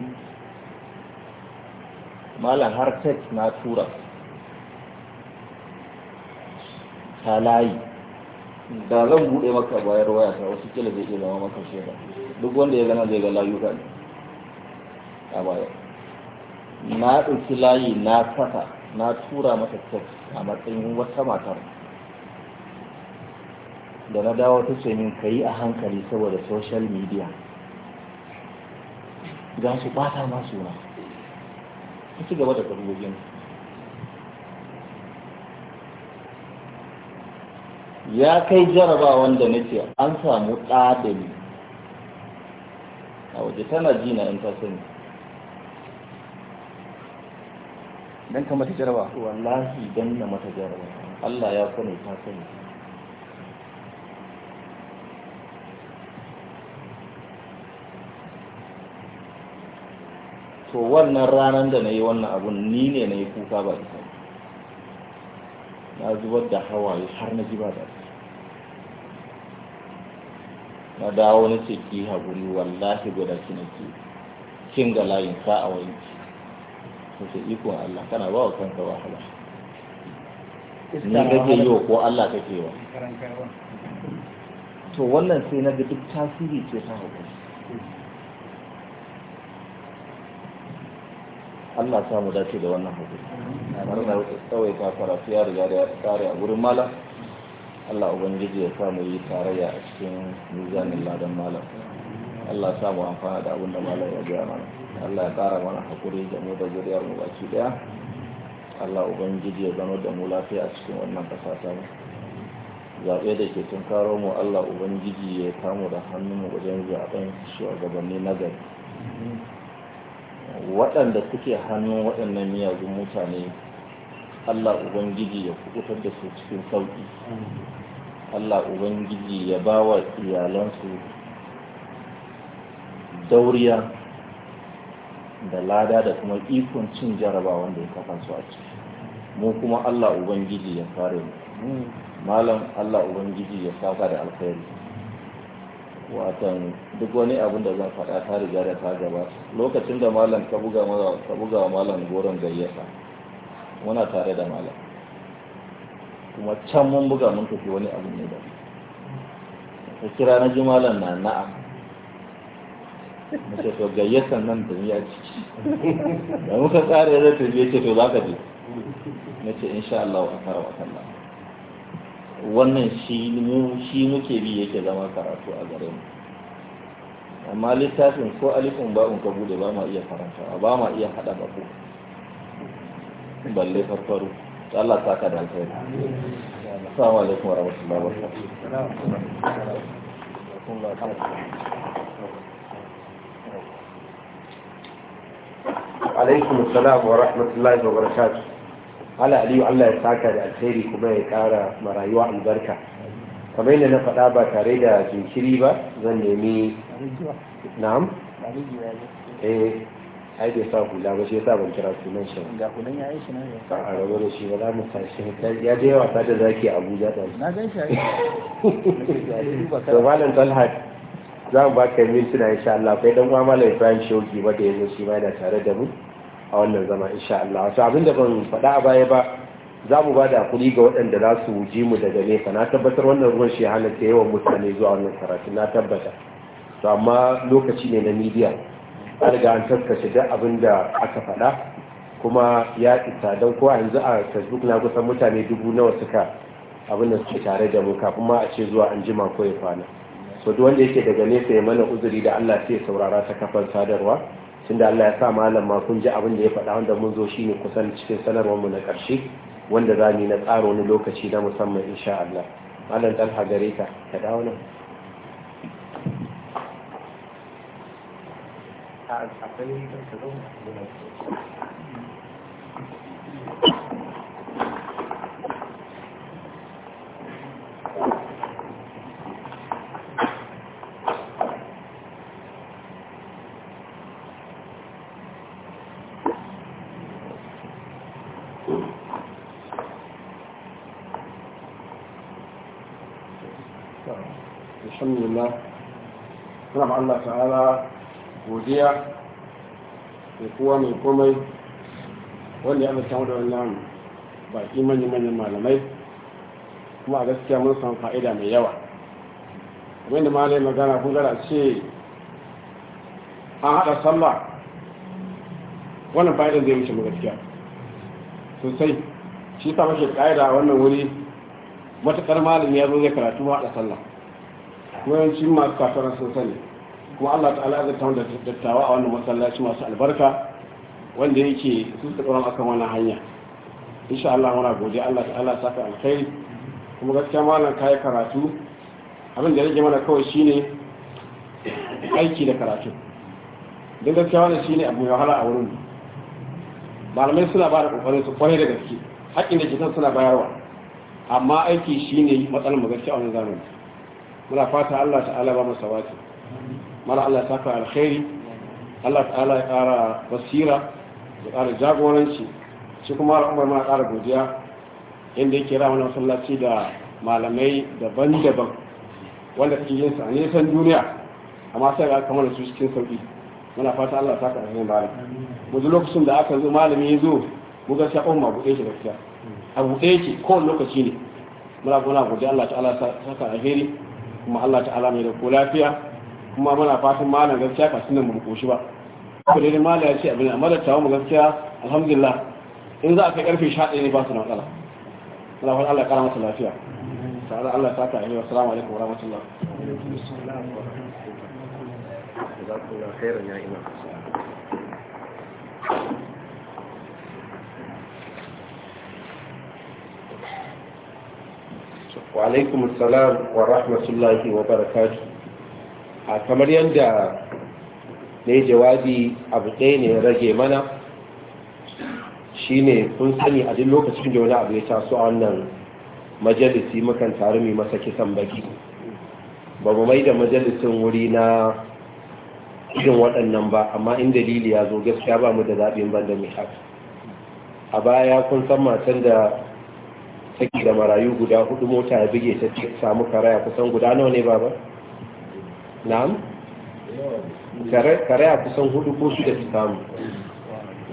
malam har tek na tura ta layi da zan buɗe maka bayar waya ta wasu kila zai iya zama maka shaida duk wanda ya gana zai ga layuka ne a baya na ɗauki layi na saka na tura mata tek a matsayin wata matar da na dawo ta ce min ka yi a hankali saboda social media za su ta masu na ci gaba da ƙarfofin ya kai jaraba wanda nake an samu ɗa da ni a waje tana jina na yin tasiri don ka mata jaraba wallahi don na mata jaraba Allah ya kone ta to wannan ranar da na yi wannan abun ni ne na yi kuka ba da sani na zubar da hawaye har na ji ba da na dawo na ce ki haƙuri wallahi guda ki nake kin ga layin sa'a wanki ta ce ikon Allah kana ba wa kanka wahala ni kake yi wa ko Allah kake wa to wannan sai na ga duk tasiri ce ta haƙuri Allah ya mu dace da wannan hadisi kamar da kawai ta fara ya riga da tsare a gurin malam Allah ubangiji ya samu yi tarayya a cikin mizanin ladan malam Allah sa mu amfana da abin da malam ya gaya mana Allah ya kara mana hakuri da mu da zuriyar mu baki daya Allah ubangiji ya zama da mu lafiya a cikin wannan kasa ta mu zaɓe da ke tun karo mu Allah Ubangiji ya mu da mu wajen zaɓen shugabanni na gari waɗanda suke hannun waɗannan miyagun mutane Allah Ubangiji ya kubutar da su cikin sauƙi Allah Ubangiji ya ba wa iyalansu dauriya da lada da kuma ikon cin jaraba wanda ya kafa su a ciki mu kuma Allah Ubangiji ya kare mu malam Allah Ubangiji ya saka da alkhairi watan duk wani abin da zan faɗa ta riga da ta gaba lokacin da malam ka buga ka buga malam goron gayyata muna tare da malam kuma can mun buga mun tafi wani abu ne da ka kira na ji malam na na'a mace to gayyatan nan da ya ciki da muka tsara zai tafi ya ce to za ka je na ce insha Allah a fara watan nan wannan shi muke bi yake zama karatu a gare mu amma littafin ko alifin ba'un ka bude ba ma iya karantawa ba ma iya hada babu balle farfaro Allah ta ka da alkhairi assalamu alaikum wa rahmatullahi wa barakatuh alaikum assalam wa rahmatullahi wa barakatuh ala aliyu Allah ya saka da alheri kuma ya kara ma marayuwa albarka kamar yadda na faɗa ba tare da jinkiri ba zan nemi na'am eh ai bai sa hula ba shi ya sa ban kira sunan shi ga hulan ya yi shi nan sa a rabu da shi ba za mu tashi ya je wasa da zaki Abuja dan na gan shi to malam Talha za mu baka mintuna insha Allah kai dan uwa malam Ibrahim Shoki wanda yazo shi ma yana tare da mu a wannan zama insha Allah to abinda ban faɗa a baya ba za mu ba da hakuri ga waɗanda za su ji mu daga nesa na tabbatar wannan ruwan shi halatta yawan mutane zuwa wannan karatu na tabbata to amma lokaci ne na media an riga an taskace duk abin da aka faɗa kuma ya isa don ko a yanzu a facebook na kusan mutane dubu nawa suka abin da suke tare da mu kafin ma a ce zuwa an jima ko ya kwana so duk wanda yake daga nesa ya mana uzuri da Allah sai saurara ta kafar sadarwa tunda Allah ya sa malam ma kun ji abin da ya faɗa wanda mun zo shi ne kusan cikin sanarwar mu na ƙarshe wanda za mu na tsaro wani lokaci na musamman insha Allah malam dan hagare ka ka dawo nan Allah ma Allah ta'ala godiya da kowa mai komai wanda ya amince da wannan baki manya-manyan malamai kuma a gaskiya mun samu fa'ida mai yawa kuma inda malai magana kun gara ce an haɗa sallah wannan fa'idan zai wuce mu gaskiya sosai shi ta mashi ƙa'ida wannan wuri matuƙar malami ya zo zai karatu haɗa sallah yawancin masu kasuwar sun sani kuma Allah ta'ala zai tawo da dattawa a wannan masallaci masu albarka wanda yake su suka tsoron akan wannan hanya insha Allah muna gode Allah ta'ala saka alkhairi kuma gaskiya malam kai karatu abin da yake mana kawai shine aiki da karatu don gaskiya wannan shine abu mai wahala a wurin malamai suna ba da kokarin su kwarai da gaske haƙƙin da kitan suna bayarwa amma aiki shine matsalar mu gaskiya a wannan zamani muna fata Allah ta'ala ba mu sawati mara Allah ya saka alkhairi Allah ta'ala ya kara basira ya kara jagoranci shi kuma umar ma kara godiya inda yake ra wani masallaci da malamai daban-daban wanda suke yin sa a nisan duniya amma sai ga kamar su cikin sauki muna fata Allah ya saka alkhairi malam mu duk lokacin da aka zo malami ya zo mu ga sai umma buɗe shi gaskiya a buɗe yake ko lokaci ne muna gona godiya Allah ta'ala ya saka alkhairi kuma Allah ta'ala mai da ko lafiya kuma muna fatan malam gaskiya ka sunan mu koshi ba ko dai malam ya ce abin amma da tawo mu gaskiya alhamdulillah in za a kai karfe 11 ne ba su na matsala Allah wani Allah karama masa lafiya sa'ala Allah ya saka alaihi assalamu alaikum wa rahmatullah wa khairan wa imam wa السلام wa الله a kamar yadda na yi jawabi abu ɗaya ne rage mana shi ne kun sani a duk lokacin da wani abu ya taso a wannan majalisi mukan taru mai masa kisan baki ba mu mai da majalisin wuri na irin waɗannan ba amma in dalili ya zo gaskiya ba mu da zaɓin ban da haka a baya kun san matan da take da marayu guda hudu mota ya buge ta samu karaya kusan guda nawa ne ba ba na'am kare a kusan hudu ko su da su samu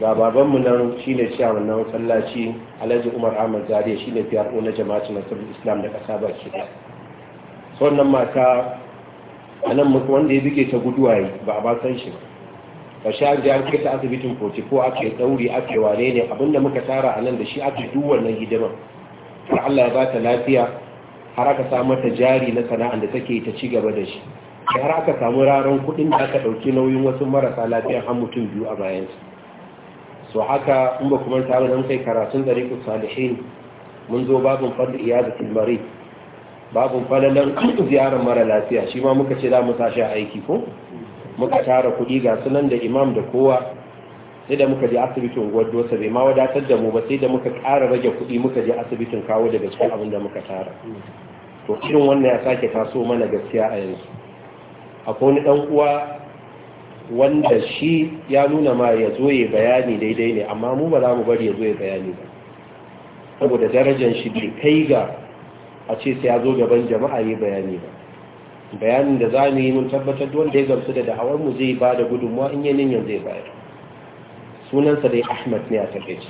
ga babanmu nan shi ne cewa na masallaci alhaji umar ahmad zariya shi ne fiyar na na nasarar islam da kasa ba shi da wannan mata a nan mutu wanda ya buge ta guduwa yi ba a ba san shi ba shi an jihar kai ta asibitin ko ake ɗauri ake wane ne abinda muka tara a nan da shi ake duwa na hidima. har allah ya ba ta lafiya har aka sa mata jari na sana'a da take ta ci gaba da shi da har aka samu raron kudin da aka dauki nauyin wasu marasa lafiya har mutum biyu a bayan su haka in ba kuma ta mun kai karatun da rikus salihin mun zo babin fadl iyadatul marid babin falalan ziyarar mara lafiya shi ma muka ce za mu tashi aiki ko muka tara kudi ga sunan da imam da kowa sai da muka je asibitin gwaddo bai ma wadatar da mu ba sai da muka ƙara rage kudi muka je asibitin kawo daga cikin abin da muka tara to irin wannan ya sake taso mana gaskiya a yanzu akwai wani dan uwa wanda shi ya nuna ma ya zo ya bayani daidai ne amma mu ba za mu bari ya zo ya bayani ba saboda darajar shi bai kai ga a ce sai ya zo gaban jama'a ya bayani ba bayanin da za mu yi mun tabbatar wanda ya gamsu da da'awar mu zai ba da gudunmuwa in yanin yanzu zai bayar sunansa dai ahmad ne a takaici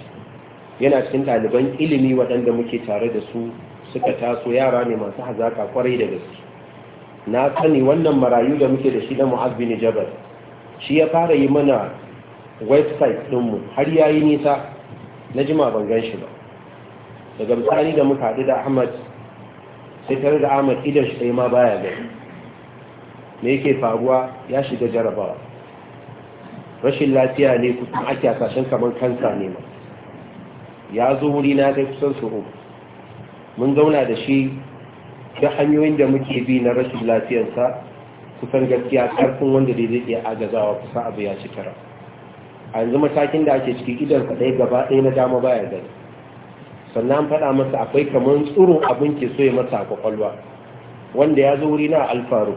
yana cikin ɗaliban ilimi waɗanda muke tare da su suka taso yara ne masu hazaka kwarai da gaske na sani wannan marayu da muke da shi na mu'az bin jabal shi ya fara yi mana website ɗinmu har ya yi nisa na jima ban gan shi ba daga misali da muka haɗu da ahmad sai tare da ahmad idan shi sai ma baya gani me yake faruwa ya shiga jarabawa rashin lafiya ne kusan ake sashen kamar kansa ne ma ya zo wuri na dai kusan suru mun zauna da shi da hanyoyin da muke bi na rashin lafiyarsa kusan gaskiya karfin wanda da zai iya agazawa kusa abu ya ci tara a yanzu matakin da ake ciki idan ka ɗaya gaba ɗaya na dama baya gani sannan faɗa masa akwai kamar tsoron abin ke so ya masa a kwakwalwa wanda ya zo wuri na alfaru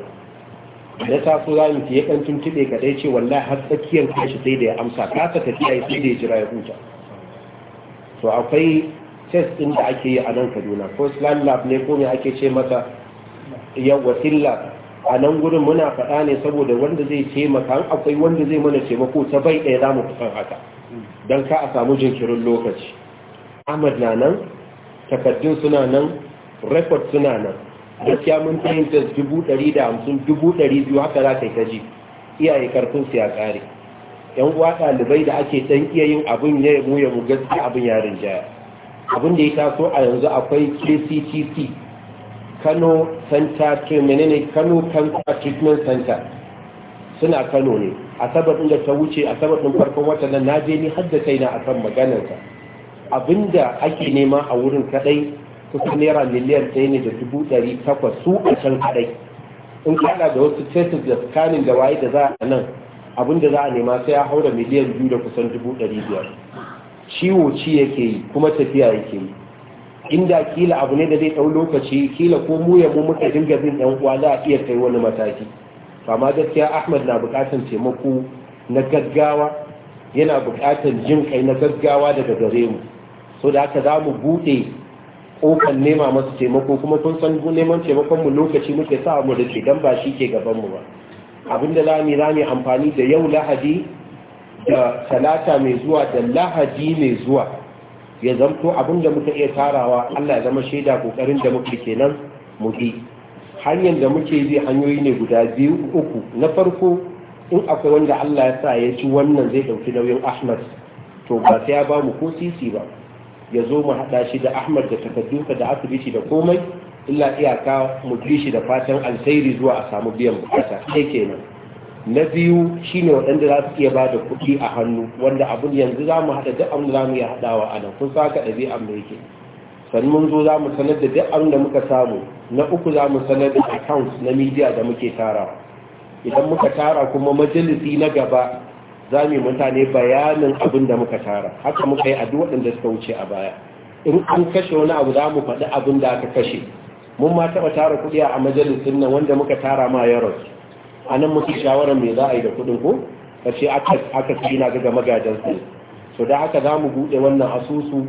da taso za mu ya ɗan tuntuɓe ka ɗaya ce wallahi har tsakiyar kashi sai da ya amsa kasa tafiya sai da ya jira ya huta to akwai test din da ake yi a nan kaduna ko islam lab ne ko me ake ce masa yau lab a nan gurin muna faɗa ne saboda wanda zai taimaka akwai wanda zai mana taimako ta bai ɗaya za kusan haka don ka a samu jinkirin lokaci ahmad na nan takardun suna nan rekod suna nan gaskiya mun fahimta dubu ɗari da hamsin dubu ɗari biyu haka za ka yi kaji iyaye karfin su ya ƙare yan uwa ɗalibai da ake ɗan iya yin abin ya mu ya mu gaskiya abin yarin jaya abin da ya taso a yanzu akwai kctc kano center treatment ne kano cancer treatment center suna kano ne asabar ɗin da ta wuce asabar ɗin farkon wata nan na je ni har da na a kan maganarsa abinda ake nema a wurin kadai kusa naira miliyan ɗaya ne da dubu ɗari takwas su a can kadai in kada da wasu tesis da scanning da waye da za a nan abinda za a nema sai ya haura miliyan biyu da kusan dubu ɗari biyar ciwo ci yake yi kuma tafiya yake yi inda kila abu ne da zai ɗau lokaci kila ko mu yamu muka dinga bin ɗan uwa za a iya kai wani mataki amma gaskiya ahmad na buƙatar taimako na gaggawa yana buƙatar jin kai na gaggawa daga gare mu so da haka za mu buɗe ƙofar nema masu taimako kuma kun san neman taimakon mu lokaci muke sa mu da ke dan ba shi ke gaban mu ba abinda za mu yi amfani da yau lahadi da talata mai zuwa da lahadi mai zuwa ya zamto abin da muka iya tarawa Allah ya zama shaida kokarin da muke kenan mu bi hanyar da muke bi hanyoyi ne guda biyu uku na farko in akwai wanda Allah ya sa ya ci wannan zai dauki nauyin Ahmad to ba sai ya ba mu ko sisi ba ya zo mu haɗa shi da Ahmad da takadduka da asibiti da komai illa iyaka mu bi shi da fatan alkhairi zuwa a samu biyan bukata kai kenan na biyu shine waɗanda za su iya ba da kuɗi a hannu wanda abin yanzu za mu haɗa duk abin da za mu iya haɗawa a nan kun sa ka ɗabi'a mai yake sannan mun zo za mu sanar da duk abin da muka samu na uku za mu sanar da accounts na media da muke tarawa idan muka tara kuma majalisi na gaba za mu yi mutane bayanin abin da muka tara haka muka yi a duk waɗanda suka wuce a baya in an kashe wani abu za mu faɗi abin da aka kashe mun ma taɓa tara kuɗi a majalisin nan wanda muka tara ma yaros a nan mutu shawarar mai za a yi da kuɗin ko ce aka ci na ga magajen su so da aka za mu buɗe wannan asusu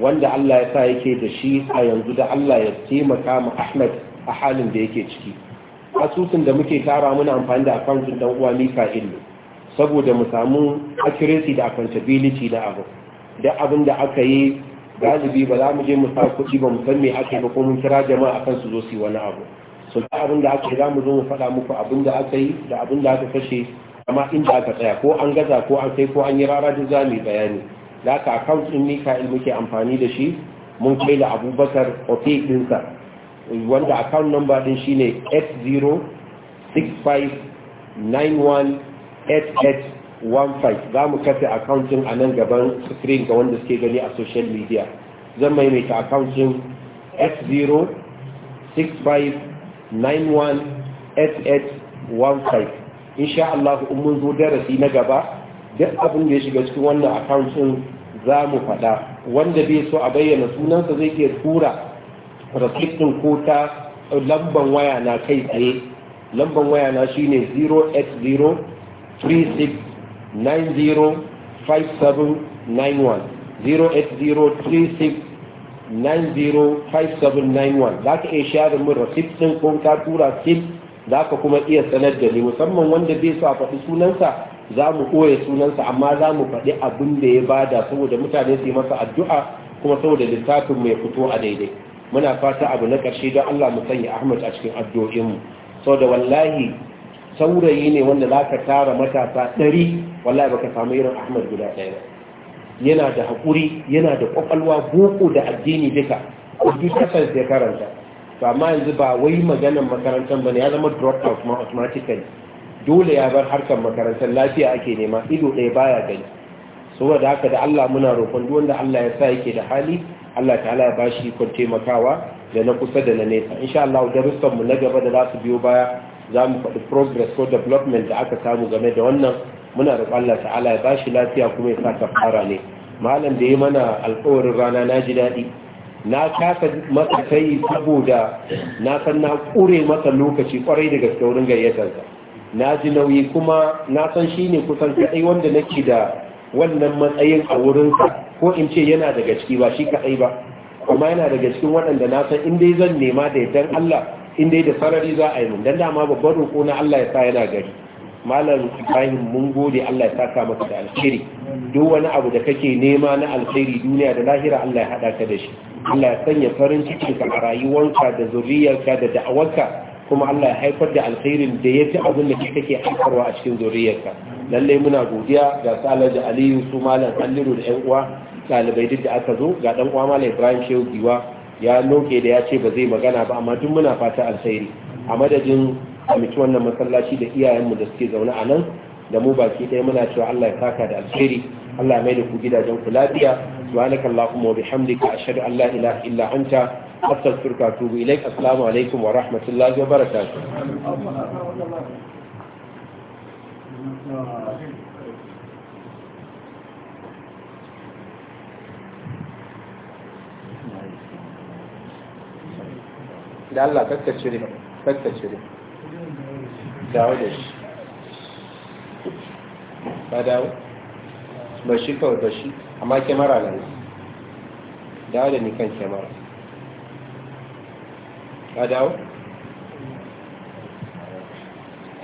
wanda Allah ya sa yake da shi a yanzu da Allah ya taimaka mu Ahmad a halin da yake ciki asusun da muke tara muna amfani da akwantin dan uwa Mika'il ilmi saboda mu samu accuracy da accountability na abu da abin da aka yi galibi ba za mu je mu sa kuɗi ba mu san me ake ba ko mun kira jama'a akan su zo su yi wani abu so ta abin da aka yi za mu zo mu faɗa muku abin da aka yi da abin da aka kashe amma inda aka tsaya ko an gaza ko an kai ko an yi rara duk za bayani da aka account ɗin mika'il muke amfani da shi mun kai da abubakar ofe ɗinsa wanda account number ɗin shine 8065918815 za mu kafe account ɗin a nan gaban screen ga wanda suke gani a social media zan maimaita account 0 8065 in insha Allah in mun zo darasi na gaba duk abin da ya shiga cikin wannan account din za mu faɗa wanda bai so a bayyana sunansa zai iya tura receipt kota ko ta lamban waya na kai tsaye lamban waya na shine 080 905791 za ka iya share min rasif ɗin ko ka tura sil za ka kuma iya sanar da ni musamman wanda bai so a faɗi sunansa za mu ɓoye sunansa amma za mu faɗi abin da ya bada saboda mutane su yi masa addu'a kuma saboda littafin mai fito a daidai muna fata abu na ƙarshe don Allah mu sanya Ahmad a cikin addu'o'inmu saboda wallahi saurayi ne wanda za ka tara matasa ɗari wallahi baka samu irin Ahmad guda ɗaya ba. yana da haƙuri yana da ƙwaƙwalwa boko da addini duka duk kasar da karanta ba ma yanzu ba wai maganan makarantar ba ne ya zama drop out ma automatically dole ya bar harkar makarantar lafiya ake nema ido ɗaya baya gani saboda haka da Allah muna roƙon duk wanda Allah ya sa yake da hali Allah ta'ala ya bashi ikon taimakawa da na kusa da na nesa insha Allah darussanmu mu na gaba da za su biyo baya za mu faɗi progress ko development da aka samu game da wannan muna roƙon Allah ta'ala ya bashi lafiya kuma ya sa fara ne malam da ya mana alƙawarin rana na ji daɗi na kasa masa kai saboda na san na ƙure masa lokaci kwarai da gaske wurin gayyatarsa na ji nauyi kuma na san shi ne kusan kaɗai wanda nake da wannan matsayin a wurinsa ko in ce yana daga ciki ba shi kaɗai ba kuma yana daga cikin waɗanda na san in dai zan nema da yardan Allah in dai da sarari za a yi mun dan dama babbar roƙo na Allah ya sa yana gari malam ibrahim mun gode Allah ya saka maka da alheri duk wani abu da kake nema na alheri duniya da lahira Allah ya hada ka da shi Allah ya sanya farin ciki ka a rayuwarka da zuriyarka da da'awarka kuma Allah ya haifar da alherin da yafi abin da kake haifarwa a cikin zuriyarka Lallai muna godiya ga salar da Aliyu su malam alliru da 'yan uwa ɗalibai duk da aka zo ga ɗan uwa malam Ibrahim Shehu Giwa ya noke da ya ce ba zai magana ba amma duk muna fata alheri a madadin kwamici wannan masallaci da iyayenmu da suke zaune a nan da mu baki ɗaya muna cewa Allah ya saka da alheri Allah ya maida ku gidajen ku lafiya subhanaka allahumma wa bihamdika ashhadu an la ilaha illa anta astaghfiruka wa atubu ilaik assalamu alaikum wa rahmatullahi wa barakatuh da Allah kakkace ne dawo da shi ba dawo ba shi kawai ba shi amma kyamara na nan dawo da ni kan kyamara ba dawo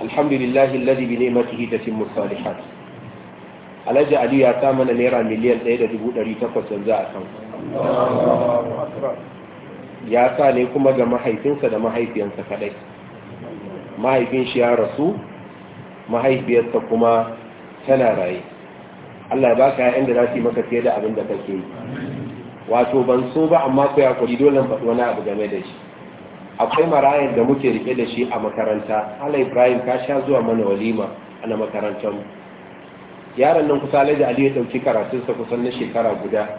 alhamdulillah alladhi bi ni'matihi tatimmu salihat alhaji Aliyu ya sa mana naira miliyan 1.800 yanzu a kan ya sa ne kuma ga mahaifinsa da mahaifiyansa kadai mahaifin shi ya rasu mahaifiyarsa kuma tana raye Allah ba ka yayin da za su maka fiye da abin da kake yi wato ban so ba amma ku ya kuri dole faɗi wani abu game da shi akwai marayan da muke rike da shi a makaranta Allah Ibrahim ka sha zuwa mana walima a na makarantar mu yaron nan kusa da Ali ya dauki karatun sa kusan na shekara guda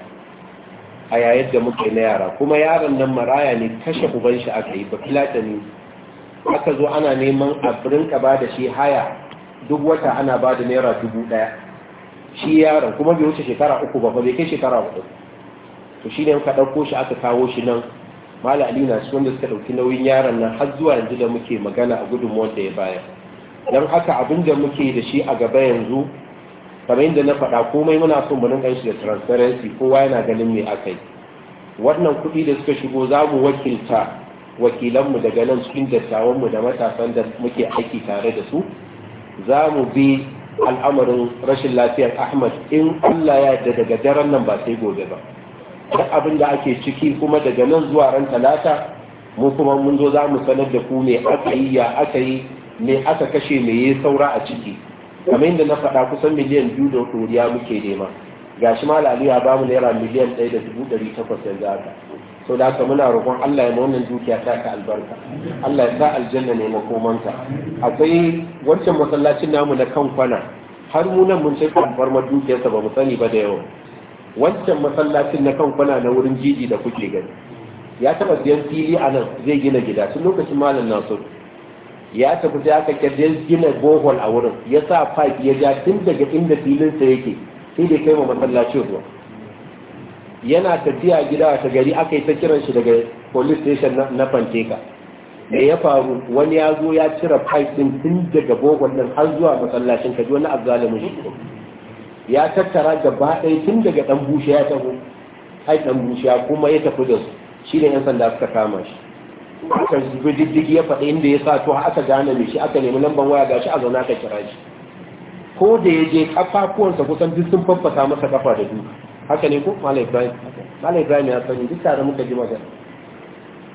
a yayin da muke na yara kuma yaron nan maraya ne kashe uban shi aka yi ba ne aka zo ana neman a rinka ba da shi haya duk wata ana ba da naira dubu ɗaya shi yaron kuma bai wuce shekara uku ba bai kai shekara uku to shi ne muka ɗauko shi aka kawo shi nan mala ali na su wanda suka ɗauki nauyin yaron nan har zuwa yanzu da muke magana a gudunmuwar da ya bayar don haka abin da muke da shi a gaba yanzu kamar yadda na faɗa komai muna so mu rinka shi da transparency kowa yana ganin me aka yi wannan kuɗi da suka shigo za mu wakilta wakilanmu daga nan cikin dattawanmu da matasan da muke aiki tare da su za mu bi al'amarin rashin lafiyar ahmad in allah ya daga daren nan ba sai gobe ba duk abin da ake ciki kuma daga nan zuwa ran talata mu kuma mun zo za mu sanar da ku me aka yi ya aka yi me aka kashe me ya saura a ciki kamar yadda na faɗa kusan miliyan biyu da doriya muke nema gashi ma ya bamu naira miliyan ɗaya da dubu ɗari takwas yanzu haka sau da haka muna roƙon Allah ya wannan dukiya ta ka albarka Allah ya sa aljanna ne makomanta akwai wancan masallacin namu na kan kwana har mu nan mun sai ma dukiyarsa ba mu sani ba da yawa wancan masallacin na kan kwana na wurin jiji da kuke gani ya taɓa siyan fili a nan zai gina gida tun lokacin malam nasu ya tafi sai aka kirje gina bohol a wurin ya sa pipe ya ja tun daga inda filinsa yake sai da kai wa masallacin ruwa yana tafiya gida ta gari aka yi ta kiran shi daga police station na fanteka da ya faru wani ya zo ya cire pipe din tun daga bogon nan har zuwa masallacin kaji wani azzalimin shi ya tattara gaba ɗaya tun daga dan bushe ya tafi hai dan bushe kuma ya tafi da su shi ne yan sanda suka kama shi aka zubi diddigi ya faɗi inda ya sa to aka gane mai shi aka nemi lambar waya gashi a zaune aka kira shi ko da ya je kafafuwansa kusan duk sun fafasa masa kafa da duka haka ne ko mala ibrahim mala ibrahim ya sani duk tare muka ji magana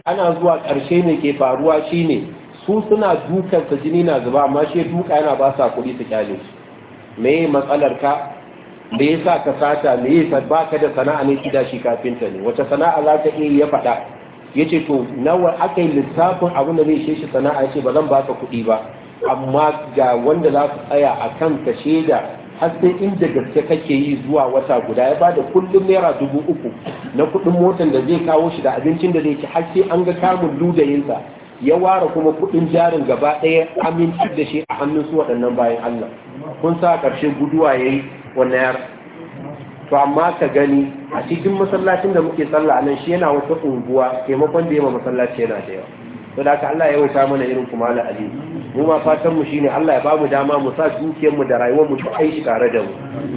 ana zuwa karshe ne ke faruwa shine su suna dukan su jini na zuba amma shi duka yana ba sa kuɗi su kyale shi me matsalar ka me yasa ka sata me yasa ka da sana'a ne da shi kafinta ne wata sana'a za ka iya ya faɗa yace ce to nawa aka yi lissafin abin da zai ishe shi sana'a ya ce ba zan baka kuɗi ba amma ga wanda za su tsaya a kan ka shaida har sai inda gaske kake yi zuwa wata guda ya bada kullum naira dubu uku na kuɗin motar da zai kawo shi da abincin da zai ci har sai an ga kamun ludayinsa ya ware kuma kuɗin jarin gaba ɗaya aminci da shi a hannun su waɗannan bayan Allah kun sa ƙarshe guduwa yayi wannan yar to amma ka gani a cikin masallacin da muke sallah anan shi yana wata unguwa taimakon da yawa masallaci yana da yawa to da Allah ya wuta mana irin kuma ali mu ma fatan mu shine Allah ya ba mu dama mu sa dukiyar mu da rayuwar mu duk aiki tare da mu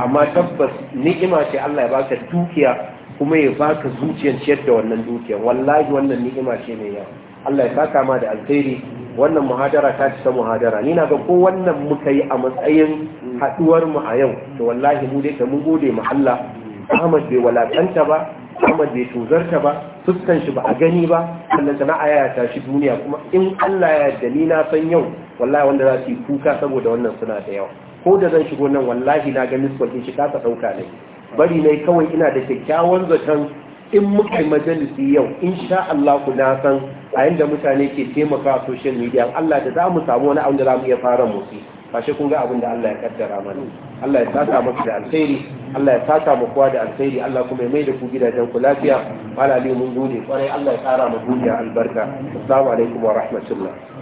amma tabbas ni'ima ce Allah ya baka dukiya kuma ya baka zuciyar ciyar da wannan dukiyar wallahi wannan ni'ima ce mai yawa Allah ya saka ma da alkhairi wannan muhadara ta ci ta muhadara ni na ga ko wannan muka yi a matsayin haduwar mu a yau to wallahi mu dai ta mun gode mu Allah Ahmad bai walakanta ba Muhammad bai tozarta ba fuskan shi ba a gani ba sannan sana a yaya shi duniya kuma in Allah ya yarda ni na san yau wallahi wanda za su yi kuka saboda wannan suna da yawa ko da zan shigo nan wallahi na ga su din shi kasa dauka ne bari nai kawai ina da kyakkyawan zaton in muka majalisi yau insha Allah ku na san a yanda mutane ke taimaka social media Allah da za mu samu wani abu da za mu iya fara motsi fashe kun ga abin da Allah ya kaddara mana Allah ya saka muku da alkhairi Allah ya saka mu kowa da alkhairi Allah kuma ya maida ku gidajen ku lafiya malali mun gode kwarai Allah ya kara mu duniya albarka assalamu alaikum wa rahmatullah